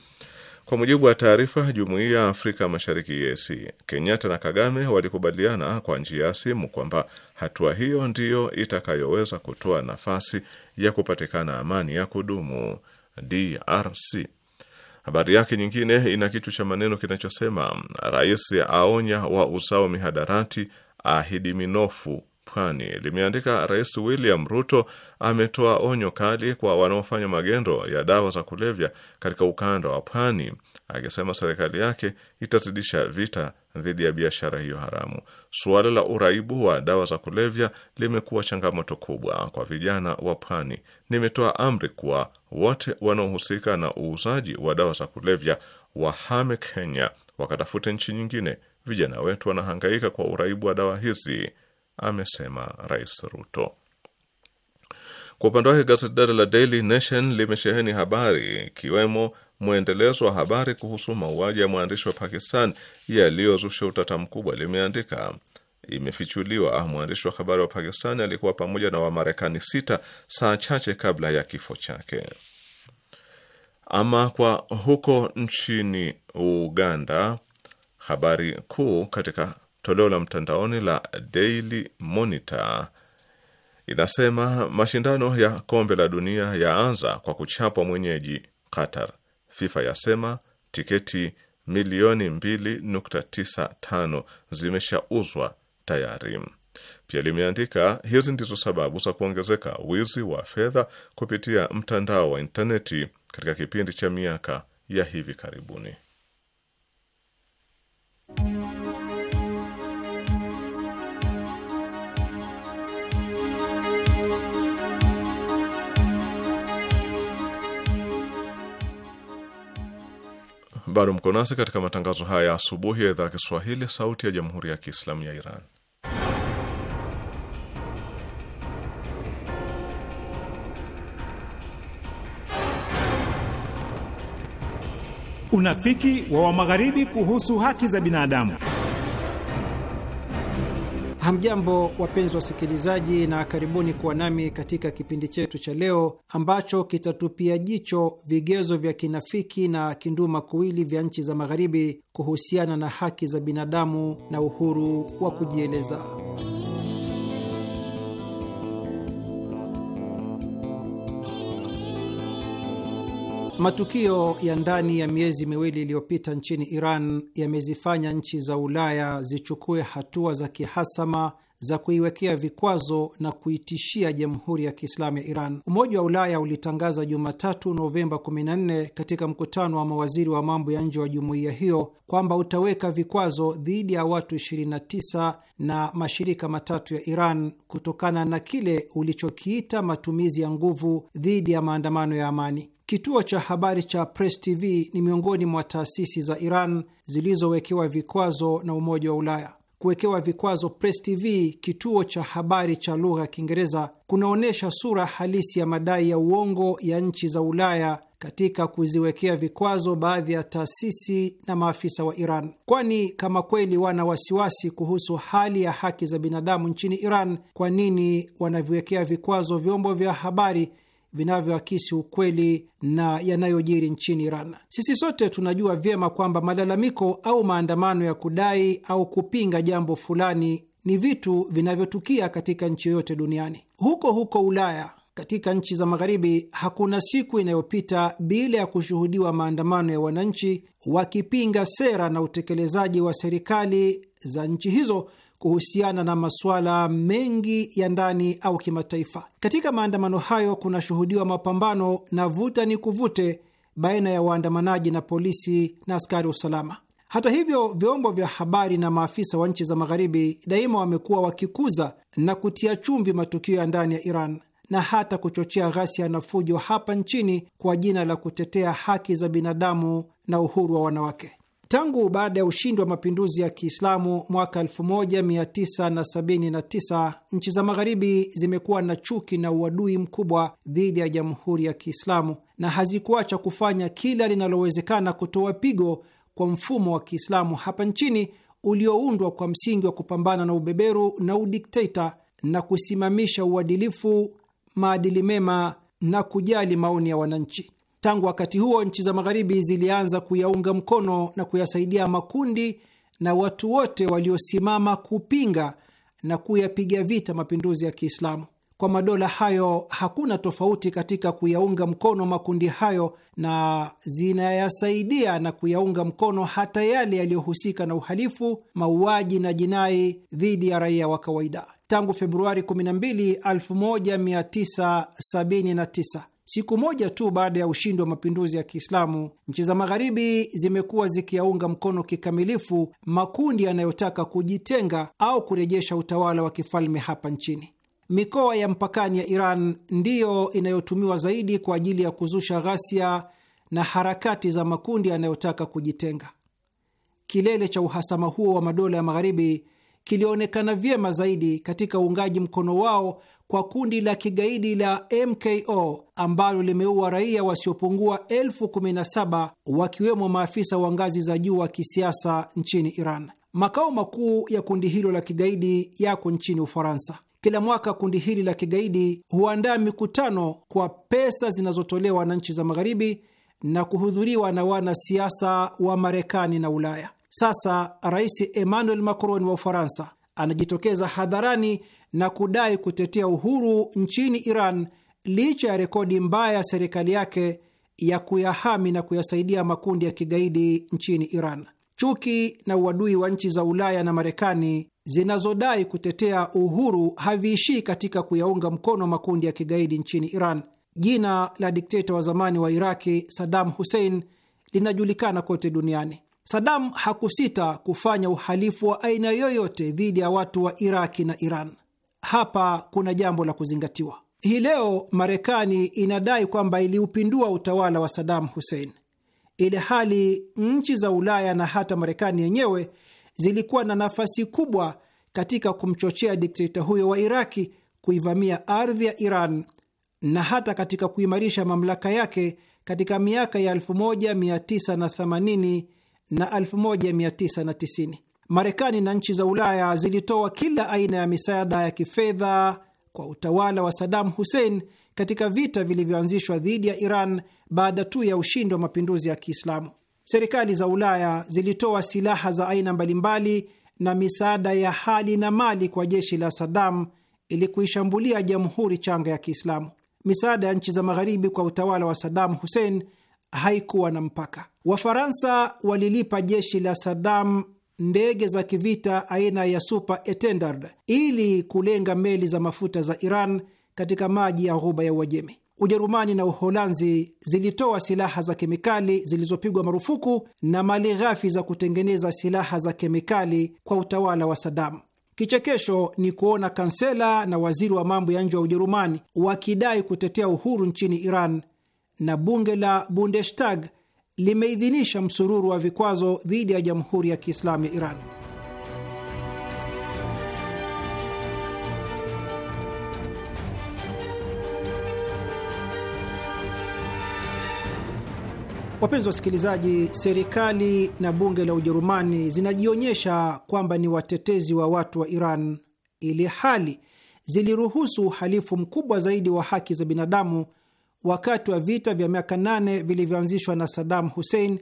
Speaker 1: Kwa mujibu wa taarifa Jumuiya ya Afrika Mashariki EAC, Kenyatta na Kagame walikubaliana kwa njia ya simu kwamba hatua hiyo ndiyo itakayoweza kutoa nafasi ya kupatikana amani ya kudumu DRC. Habari yake nyingine ina kichwa cha maneno kinachosema rais aonya wa usao mihadarati ahidi minofu Pwani limeandika Rais William Ruto ametoa onyo kali kwa wanaofanya magendo ya dawa za kulevya katika ukanda wa Pwani, akisema serikali yake itazidisha vita dhidi ya biashara hiyo haramu. Suala la uraibu wa dawa za kulevya limekuwa changamoto kubwa kwa vijana wa Pwani. Nimetoa amri kuwa wote wanaohusika na uuzaji wa dawa za kulevya wahame Kenya wakatafute nchi nyingine. Vijana wetu wanahangaika kwa uraibu wa dawa hizi amesema Rais Ruto. Kwa upande wake gazeti dada la Daily Nation limesheheni habari ikiwemo mwendelezo wa habari kuhusu mauaji ya mwandishi wa Pakistan yaliyozusha utata mkubwa. Limeandika, imefichuliwa mwandishi wa habari wa Pakistan alikuwa pamoja na Wamarekani sita saa chache kabla ya kifo chake. Ama kwa huko nchini Uganda, habari kuu katika toleo la mtandaoni la Daily Monitor inasema mashindano ya kombe la dunia yaanza kwa kuchapwa mwenyeji Qatar. FIFA yasema tiketi milioni 2.95 zimeshauzwa tayari. Pia limeandika hizi ndizo sababu za kuongezeka wizi wa fedha kupitia mtandao wa intaneti katika kipindi cha miaka ya hivi karibuni. bado mko nasi katika matangazo haya ya asubuhi ya idhaa ya Kiswahili, Sauti ya Jamhuri ya Kiislamu ya Iran.
Speaker 3: Unafiki wa Wamagharibi kuhusu haki za binadamu. Hamjambo, wapenzi wasikilizaji, na karibuni kuwa nami katika kipindi chetu cha leo ambacho kitatupia jicho vigezo vya kinafiki na kinduma kuwili vya nchi za Magharibi kuhusiana na haki za binadamu na uhuru wa kujieleza. Matukio ya ndani ya miezi miwili iliyopita nchini Iran yamezifanya nchi za Ulaya zichukue hatua za kihasama za kuiwekea vikwazo na kuitishia Jamhuri ya Kiislamu ya Iran. Umoja wa Ulaya ulitangaza Jumatatu, Novemba 14 katika mkutano wa mawaziri wa mambo ya nje wa jumuiya hiyo kwamba utaweka vikwazo dhidi ya watu 29 na mashirika matatu ya Iran kutokana na kile ulichokiita matumizi ya nguvu dhidi ya maandamano ya amani. Kituo cha habari cha Press TV ni miongoni mwa taasisi za Iran zilizowekewa vikwazo na Umoja wa Ulaya. Kuwekewa vikwazo Press TV, kituo cha habari cha lugha ya Kiingereza, kunaonyesha sura halisi ya madai ya uongo ya nchi za Ulaya katika kuziwekea vikwazo baadhi ya taasisi na maafisa wa Iran, kwani kama kweli wana wasiwasi kuhusu hali ya haki za binadamu nchini Iran, kwa nini wanaviwekea vikwazo vyombo vya habari vinavyoakisi ukweli na yanayojiri nchini Iran. Sisi sote tunajua vyema kwamba malalamiko au maandamano ya kudai au kupinga jambo fulani ni vitu vinavyotukia katika nchi yoyote duniani. Huko huko Ulaya, katika nchi za Magharibi, hakuna siku inayopita bila ya kushuhudiwa maandamano ya wananchi wakipinga sera na utekelezaji wa serikali za nchi hizo kuhusiana na masuala mengi ya ndani au kimataifa. Katika maandamano hayo kunashuhudiwa mapambano na vuta ni kuvute baina ya waandamanaji na polisi na askari wa usalama. Hata hivyo, vyombo vya habari na maafisa wa nchi za Magharibi daima wamekuwa wakikuza na kutia chumvi matukio ya ndani ya Iran na hata kuchochea ghasia na fujo hapa nchini kwa jina la kutetea haki za binadamu na uhuru wa wanawake. Tangu baada ya ushindi wa mapinduzi ya Kiislamu mwaka 1979 nchi za Magharibi zimekuwa na chuki na uadui mkubwa dhidi ya Jamhuri ya Kiislamu na hazikuacha kufanya kila linalowezekana kutoa pigo kwa mfumo wa Kiislamu hapa nchini ulioundwa kwa msingi wa kupambana na ubeberu na udikteta na kusimamisha uadilifu, maadili mema na kujali maoni ya wananchi. Tangu wakati huo nchi za Magharibi zilianza kuyaunga mkono na kuyasaidia makundi na watu wote waliosimama kupinga na kuyapiga vita mapinduzi ya Kiislamu. Kwa madola hayo hakuna tofauti katika kuyaunga mkono makundi hayo na zinayasaidia na kuyaunga mkono hata yale yaliyohusika na uhalifu, mauaji na jinai dhidi ya raia wa kawaida. Tangu Februari 12, 1979 Siku moja tu baada ya ushindi wa mapinduzi ya Kiislamu, nchi za Magharibi zimekuwa zikiyaunga mkono kikamilifu makundi yanayotaka kujitenga au kurejesha utawala wa kifalme hapa nchini. Mikoa ya mpakani ya Iran ndiyo inayotumiwa zaidi kwa ajili ya kuzusha ghasia na harakati za makundi yanayotaka kujitenga. Kilele cha uhasama huo wa madola ya Magharibi kilionekana vyema zaidi katika uungaji mkono wao kwa kundi la kigaidi la MKO ambalo limeua raia wasiopungua elfu kumi na saba wakiwemo maafisa wa ngazi za juu wa kisiasa nchini Iran. Makao makuu ya kundi hilo la kigaidi yako nchini Ufaransa. Kila mwaka kundi hili la kigaidi huandaa mikutano kwa pesa zinazotolewa na nchi za Magharibi na kuhudhuriwa na wanasiasa wa Marekani na Ulaya. Sasa Rais Emmanuel Macron wa Ufaransa anajitokeza hadharani na kudai kutetea uhuru nchini Iran licha ya rekodi mbaya ya serikali yake ya kuyahami na kuyasaidia makundi ya kigaidi nchini Iran. Chuki na uadui wa nchi za Ulaya na Marekani zinazodai kutetea uhuru haviishii katika kuyaunga mkono makundi ya kigaidi nchini Iran. Jina la dikteta wa zamani wa Iraki Saddam Hussein linajulikana kote duniani. Sadam hakusita kufanya uhalifu wa aina yoyote dhidi ya watu wa Iraki na Iran. Hapa kuna jambo la kuzingatiwa. Hii leo Marekani inadai kwamba iliupindua utawala wa Sadam Hussein, ili hali nchi za Ulaya na hata Marekani yenyewe zilikuwa na nafasi kubwa katika kumchochea dikteta huyo wa Iraki kuivamia ardhi ya Iran na hata katika kuimarisha mamlaka yake katika miaka ya 1980 na 1990. Marekani na nchi za Ulaya zilitoa kila aina ya misaada ya kifedha kwa utawala wa Saddam Hussein katika vita vilivyoanzishwa dhidi ya Iran baada tu ya ushindi wa mapinduzi ya Kiislamu. Serikali za Ulaya zilitoa silaha za aina mbalimbali na misaada ya hali na mali kwa jeshi la Saddam ili kuishambulia jamhuri changa ya Kiislamu. Misaada ya nchi za magharibi kwa utawala wa Saddam Hussein haikuwa na mpaka. Wafaransa walilipa jeshi la Saddam ndege za kivita aina ya Super Etendard ili kulenga meli za mafuta za Iran katika maji ya ghuba ya Uajemi. Ujerumani na Uholanzi zilitoa silaha za kemikali zilizopigwa marufuku na mali ghafi za kutengeneza silaha za kemikali kwa utawala wa Sadamu. Kichekesho ni kuona kansela na waziri wa mambo ya nje wa Ujerumani wakidai kutetea uhuru nchini Iran na bunge la Bundestag limeidhinisha msururu wa vikwazo dhidi ya Jamhuri ya Kiislamu ya Iran. Wapenzi wa wasikilizaji, serikali na bunge la Ujerumani zinajionyesha kwamba ni watetezi wa watu wa Iran, ili hali ziliruhusu uhalifu mkubwa zaidi wa haki za binadamu wakati wa vita vya miaka nane vilivyoanzishwa na Saddam Hussein,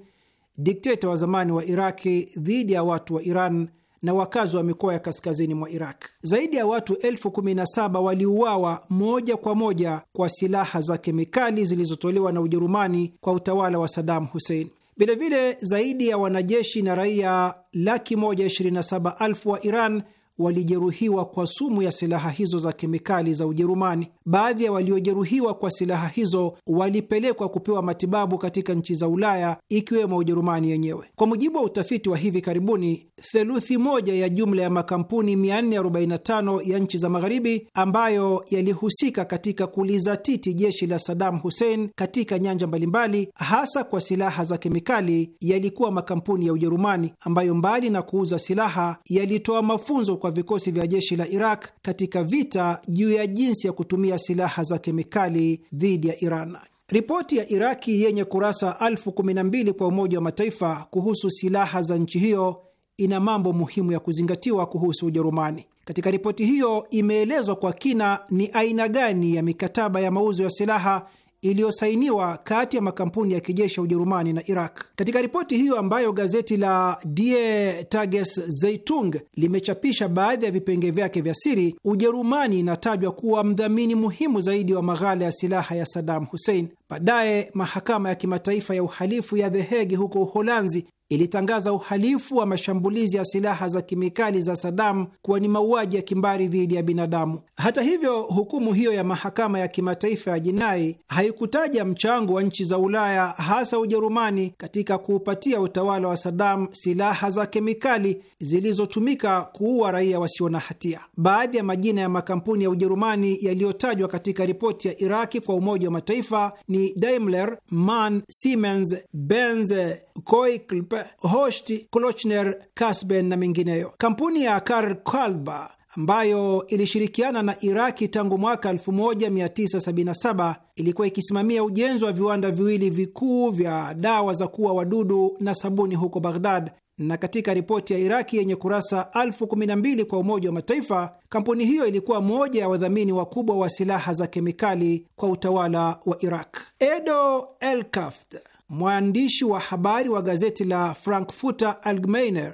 Speaker 3: dikteta wa zamani wa Iraki, dhidi ya watu wa Iran na wakazi wa mikoa ya kaskazini mwa Iraq. Zaidi ya watu elfu kumi na saba waliuawa moja kwa moja kwa silaha za kemikali zilizotolewa na Ujerumani kwa utawala wa Saddam Hussein. Vilevile, zaidi ya wanajeshi na raia laki moja ishirini na saba wa Iran walijeruhiwa kwa sumu ya silaha hizo za kemikali za Ujerumani. Baadhi ya waliojeruhiwa kwa silaha hizo walipelekwa kupewa matibabu katika nchi za Ulaya, ikiwemo Ujerumani yenyewe. Kwa mujibu wa utafiti wa hivi karibuni, theluthi moja ya jumla ya makampuni 445 ya nchi za Magharibi ambayo yalihusika katika kulizatiti jeshi la Saddam Hussein katika nyanja mbalimbali, hasa kwa silaha za kemikali, yalikuwa makampuni ya Ujerumani ambayo mbali na kuuza silaha yalitoa mafunzo kwa kwa vikosi vya jeshi la Iraq katika vita juu ya jinsi ya kutumia silaha za kemikali dhidi ya Iran. Ripoti ya Iraki yenye kurasa elfu kumi na mbili kwa Umoja wa Mataifa kuhusu silaha za nchi hiyo ina mambo muhimu ya kuzingatiwa kuhusu Ujerumani. Katika ripoti hiyo imeelezwa kwa kina ni aina gani ya mikataba ya mauzo ya silaha iliyosainiwa kati ya makampuni ya kijeshi ya Ujerumani na Iraq. Katika ripoti hiyo ambayo gazeti la Die Tageszeitung limechapisha baadhi ya vipenge vyake vya siri, Ujerumani inatajwa kuwa mdhamini muhimu zaidi wa maghala ya silaha ya Saddam Hussein. Baadaye mahakama ya kimataifa ya uhalifu ya The Hague huko Uholanzi ilitangaza uhalifu wa mashambulizi ya silaha za kemikali za Sadamu kuwa ni mauaji ya kimbari dhidi ya binadamu. Hata hivyo, hukumu hiyo ya mahakama ya kimataifa ya jinai haikutaja mchango wa nchi za Ulaya, hasa Ujerumani, katika kuupatia utawala wa Sadamu silaha za kemikali zilizotumika kuua raia wasio na hatia. Baadhi ya majina ya makampuni ya Ujerumani yaliyotajwa katika ripoti ya Iraki kwa Umoja wa Mataifa ni ni Daimler, MAN, Siemens, Benz, Koiklp, Host, Klochner, Kasben na mengineyo. Kampuni ya Kar Kalba ambayo ilishirikiana na Iraki tangu mwaka 1977 ilikuwa ikisimamia ujenzi wa viwanda viwili vikuu vya dawa za kuua wadudu na sabuni huko Baghdad na katika ripoti ya Iraki yenye kurasa elfu kumi na mbili kwa Umoja wa Mataifa, kampuni hiyo ilikuwa moja ya wadhamini wakubwa wa silaha za kemikali kwa utawala wa Iraq. Edo Elkaft, mwandishi wa habari wa gazeti la Frankfurter Allgemeine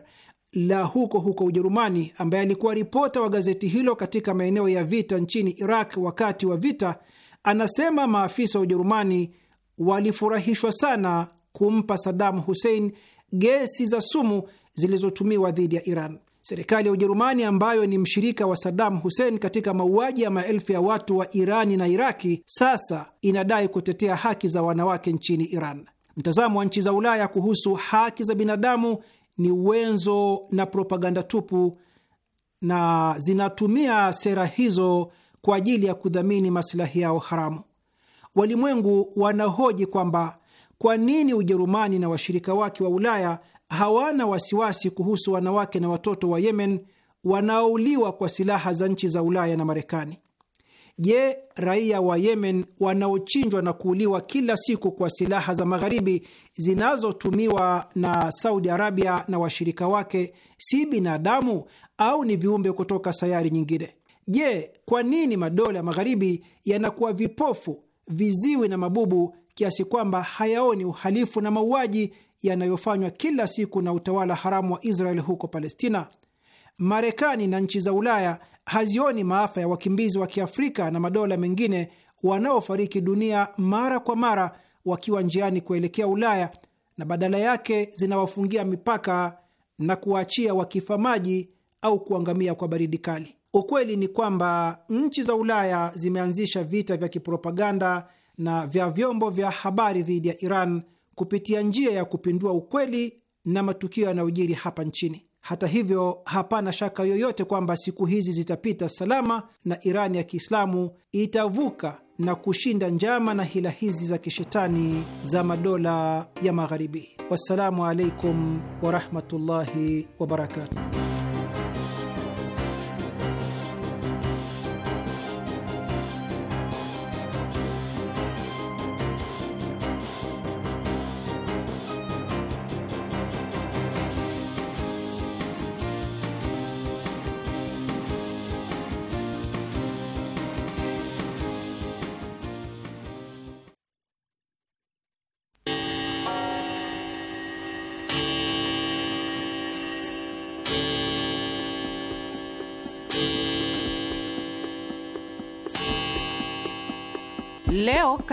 Speaker 3: la huko huko Ujerumani, ambaye alikuwa ripota wa gazeti hilo katika maeneo ya vita nchini Iraq wakati wa vita, anasema maafisa wa Ujerumani walifurahishwa sana kumpa Sadamu Hussein gesi za sumu zilizotumiwa dhidi ya Iran. Serikali ya Ujerumani ambayo ni mshirika wa Saddam Hussein katika mauaji ya maelfu ya watu wa Irani na Iraki sasa inadai kutetea haki za wanawake nchini Iran. Mtazamo wa nchi za Ulaya kuhusu haki za binadamu ni wenzo na propaganda tupu, na zinatumia sera hizo kwa ajili ya kudhamini masilahi yao haramu. Walimwengu wanahoji kwamba kwa nini Ujerumani na washirika wake wa Ulaya hawana wasiwasi kuhusu wanawake na watoto wa Yemen wanaouliwa kwa silaha za nchi za Ulaya na Marekani? Je, raia wa Yemen wanaochinjwa na kuuliwa kila siku kwa silaha za magharibi zinazotumiwa na Saudi Arabia na washirika wake si binadamu au ni viumbe kutoka sayari nyingine? Je, kwa nini madola ya magharibi yanakuwa vipofu, viziwi na mabubu kiasi kwamba hayaoni uhalifu na mauaji yanayofanywa kila siku na utawala haramu wa Israeli huko Palestina. Marekani na nchi za Ulaya hazioni maafa ya wakimbizi wa Kiafrika na madola mengine wanaofariki dunia mara kwa mara wakiwa njiani kuelekea Ulaya, na badala yake zinawafungia mipaka na kuwaachia wakifa maji au kuangamia kwa baridi kali. Ukweli ni kwamba nchi za Ulaya zimeanzisha vita vya kipropaganda na vya vyombo vya habari dhidi ya Iran kupitia njia ya kupindua ukweli na matukio yanayojiri hapa nchini. Hata hivyo, hapana shaka yoyote kwamba siku hizi zitapita salama na Irani ya Kiislamu itavuka na kushinda njama na hila hizi za kishetani za madola ya Magharibi. Wassalamu alaikum warahmatullahi wabarakatuh.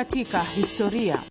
Speaker 4: katika historia.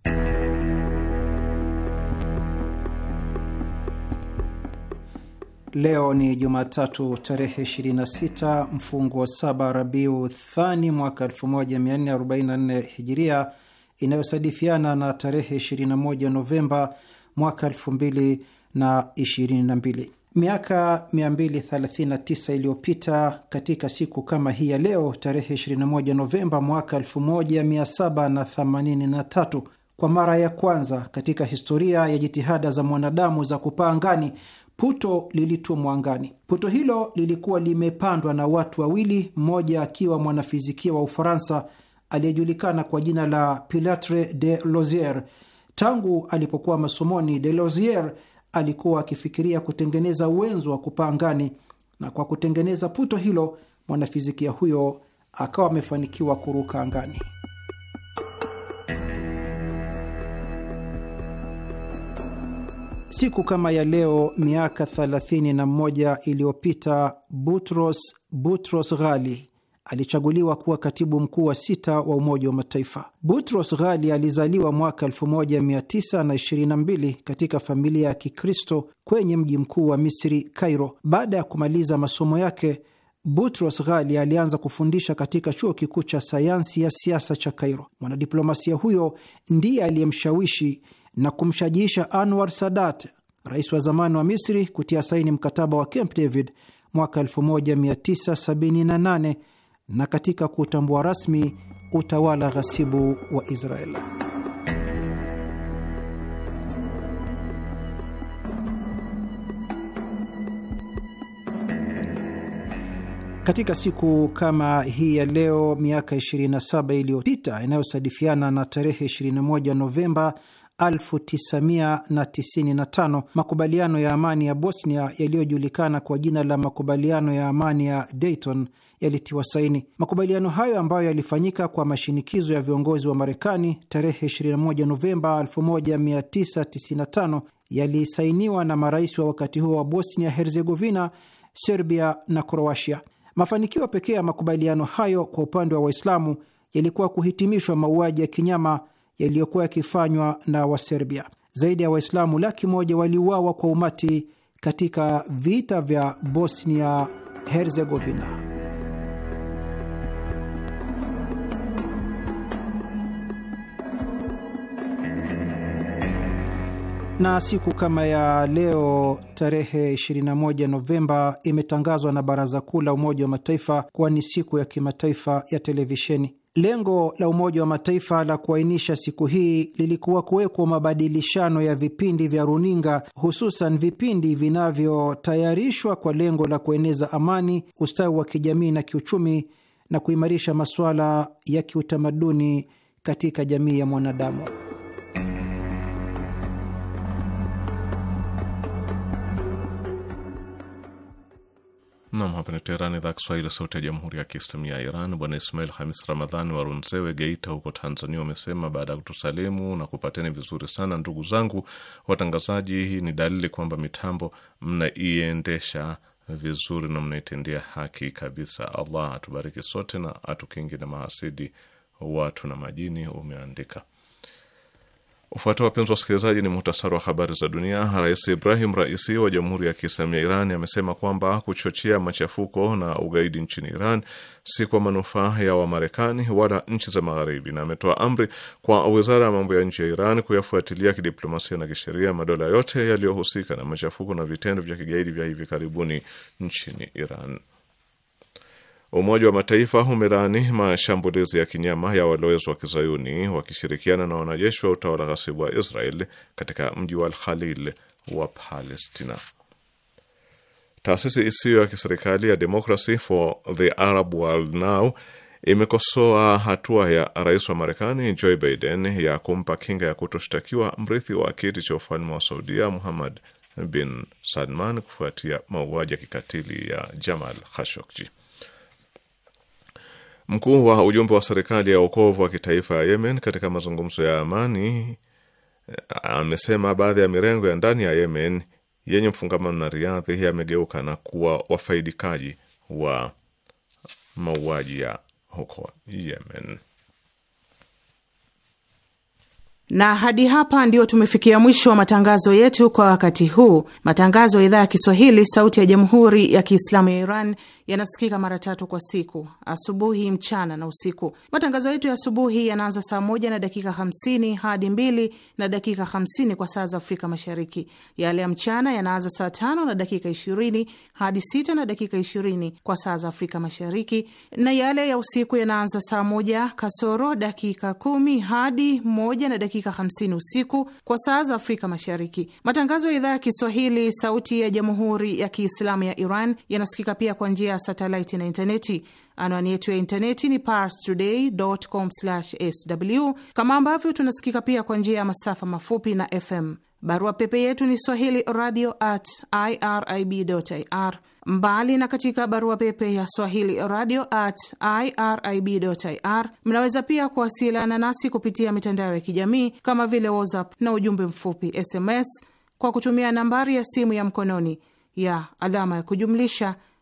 Speaker 3: Leo ni Jumatatu tarehe 26 mfungu wa saba Rabiu Thani mwaka 1444 Hijiria, inayosadifiana na tarehe 21 Novemba mwaka 2022. Miaka 239 iliyopita katika siku kama hii ya leo, tarehe 21 Novemba mwaka 1783, kwa mara ya kwanza katika historia ya jitihada za mwanadamu za kupaa angani, puto lilitumwa angani. Puto hilo lilikuwa limepandwa na watu wawili, mmoja akiwa mwanafizikia wa Ufaransa aliyejulikana kwa jina la Pilatre de Lozier. Tangu alipokuwa masomoni, de Lozier alikuwa akifikiria kutengeneza wenzo wa kupaa angani, na kwa kutengeneza puto hilo mwanafizikia huyo akawa amefanikiwa kuruka angani. Siku kama ya leo miaka 31 iliyopita Butros Butros Ghali alichaguliwa kuwa katibu mkuu wa sita wa Umoja wa Mataifa. Butros Ghali alizaliwa mwaka 1922 katika familia ya Kikristo kwenye mji mkuu wa Misri, Cairo. Baada ya kumaliza masomo yake, Butros Ghali alianza kufundisha katika chuo kikuu cha sayansi ya siasa cha Cairo. Mwanadiplomasia huyo ndiye aliyemshawishi na kumshajiisha Anwar Sadat, rais wa zamani wa Misri, kutia saini mkataba wa Camp David mwaka 1978 na katika kutambua rasmi utawala ghasibu wa israel Katika siku kama hii ya leo miaka 27 iliyopita inayosadifiana na tarehe 21 Novemba 1995 makubaliano ya amani ya Bosnia yaliyojulikana kwa jina la makubaliano ya amani ya Dayton yalitiwa saini. Makubaliano hayo ambayo yalifanyika kwa mashinikizo ya viongozi wa Marekani tarehe 21 Novemba 1995 yalisainiwa na marais wa wakati huo wa Bosnia Herzegovina, Serbia na Kroatia. Mafanikio pekee ya makubaliano hayo kwa upande wa Waislamu yalikuwa kuhitimishwa mauaji ya kinyama yaliyokuwa yakifanywa na Waserbia. Zaidi ya Waislamu laki moja waliuawa kwa umati katika vita vya Bosnia Herzegovina. Na siku kama ya leo tarehe 21 Novemba imetangazwa na Baraza Kuu la Umoja wa Mataifa kuwa ni siku ya kimataifa ya televisheni. Lengo la Umoja wa Mataifa la kuainisha siku hii lilikuwa kuwekwa mabadilishano ya vipindi vya runinga, hususan vipindi vinavyotayarishwa kwa lengo la kueneza amani, ustawi wa kijamii na kiuchumi na kuimarisha masuala ya kiutamaduni katika jamii ya mwanadamu.
Speaker 5: Nam,
Speaker 1: hapa ni Teherani, idhaa Kiswahili, sauti ya jamhuri ya kiislamia ya Iran. Bwana Ismail Hamis Ramadhani Warunzewe, Geita huko Tanzania, wamesema baada ya kutusalimu na kupateni vizuri sana ndugu zangu watangazaji, hii ni dalili kwamba mitambo mnaiendesha vizuri na mnaitendea haki kabisa. Allah atubariki sote na atukingi na mahasidi watu na majini, umeandika Ufuatao wapenzi wasikilizaji, ni muhtasari wa habari za dunia. Rais Ibrahim Raisi wa Jamhuri ya Kiislamu ya Iran amesema kwamba kuchochea machafuko na ugaidi nchini Iran si kwa manufaa ya Wamarekani wala nchi za Magharibi, na ametoa amri kwa wizara ya mambo ya nje ya Iran kuyafuatilia kidiplomasia na kisheria madola yote yaliyohusika na machafuko na vitendo vya kigaidi vya hivi karibuni nchini Iran. Umoja wa Mataifa umelaani mashambulizi ya kinyama ya walowezi wa kizayuni wakishirikiana na wanajeshi wa utawala ghasibu wa Israel katika mji wa Al-Khalil wa Palestina. Taasisi isiyo ya kiserikali ya Democracy for the Arab World Now imekosoa hatua ya rais wa Marekani Joe Biden ya kumpa kinga ya kutoshtakiwa mrithi wa kiti cha ufalme wa Saudia Muhammad bin Salman kufuatia mauaji ya kikatili ya Jamal Khashoggi. Mkuu wa ujumbe wa serikali ya ukovu wa kitaifa ya Yemen katika mazungumzo ya amani eh, amesema baadhi ya mirengo ya ndani ya Yemen yenye mfungamano na riadhi yamegeuka na kuwa wafaidikaji wa mauaji ya huko Yemen.
Speaker 4: Na hadi hapa ndiyo tumefikia mwisho wa matangazo yetu kwa wakati huu. Matangazo ya idhaa ya Kiswahili, sauti ya jamhuri ya kiislamu ya Iran yanasikika mara tatu kwa siku: asubuhi, mchana na usiku. Matangazo yetu ya asubuhi yanaanza saa moja na dakika hamsini hadi mbili na dakika hamsini kwa saa za Afrika Mashariki. Yale ya mchana yanaanza saa tano na dakika ishirini hadi sita na dakika ishirini kwa saa za Afrika Mashariki, na yale ya usiku yanaanza saa moja kasoro dakika kumi hadi moja na dakika hamsini usiku kwa saa za Afrika Mashariki. Matangazo ya idhaa ya Kiswahili sauti ya Jamhuri ya Kiislamu ya Iran yanasikika pia kwa njia satelaiti na intaneti. Anwani yetu ya intaneti ni parstoday.com/sw, kama ambavyo tunasikika pia kwa njia ya masafa mafupi na FM. Barua pepe yetu ni swahili radio at irib ir. Mbali na katika barua pepe ya swahili radio at irib ir, mnaweza pia kuwasiliana nasi kupitia mitandao ya kijamii kama vile WhatsApp na ujumbe mfupi SMS kwa kutumia nambari ya simu ya mkononi ya alama ya kujumlisha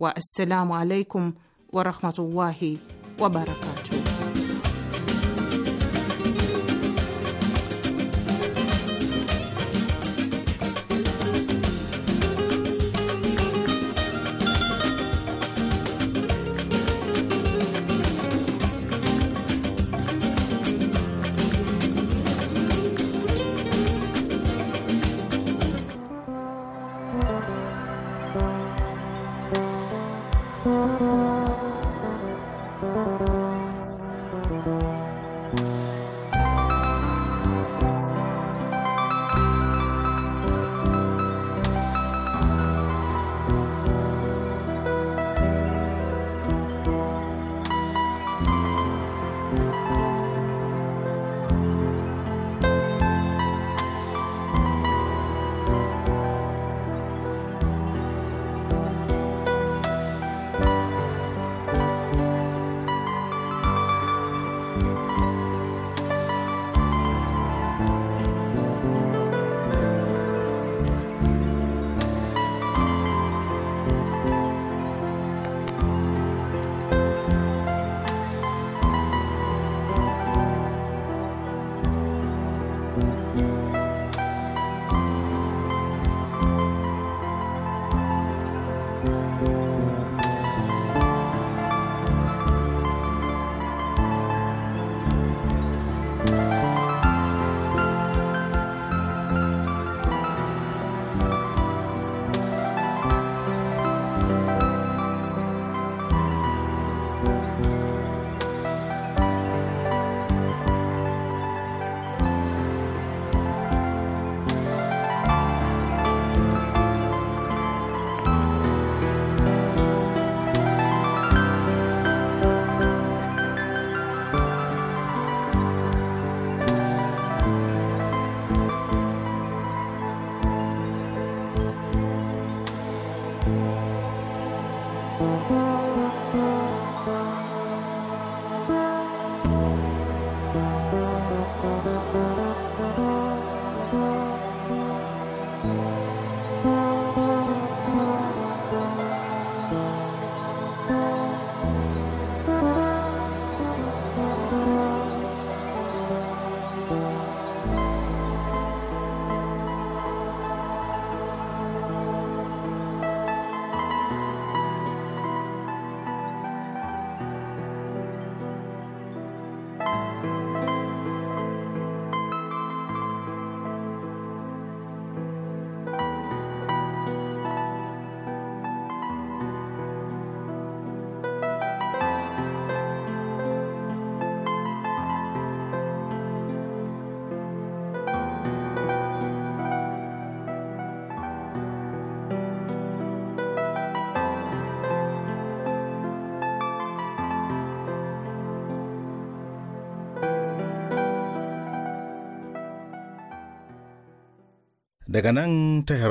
Speaker 4: waassalamu alaikum warahmatullahi wabarakatuh.
Speaker 5: daga nan ta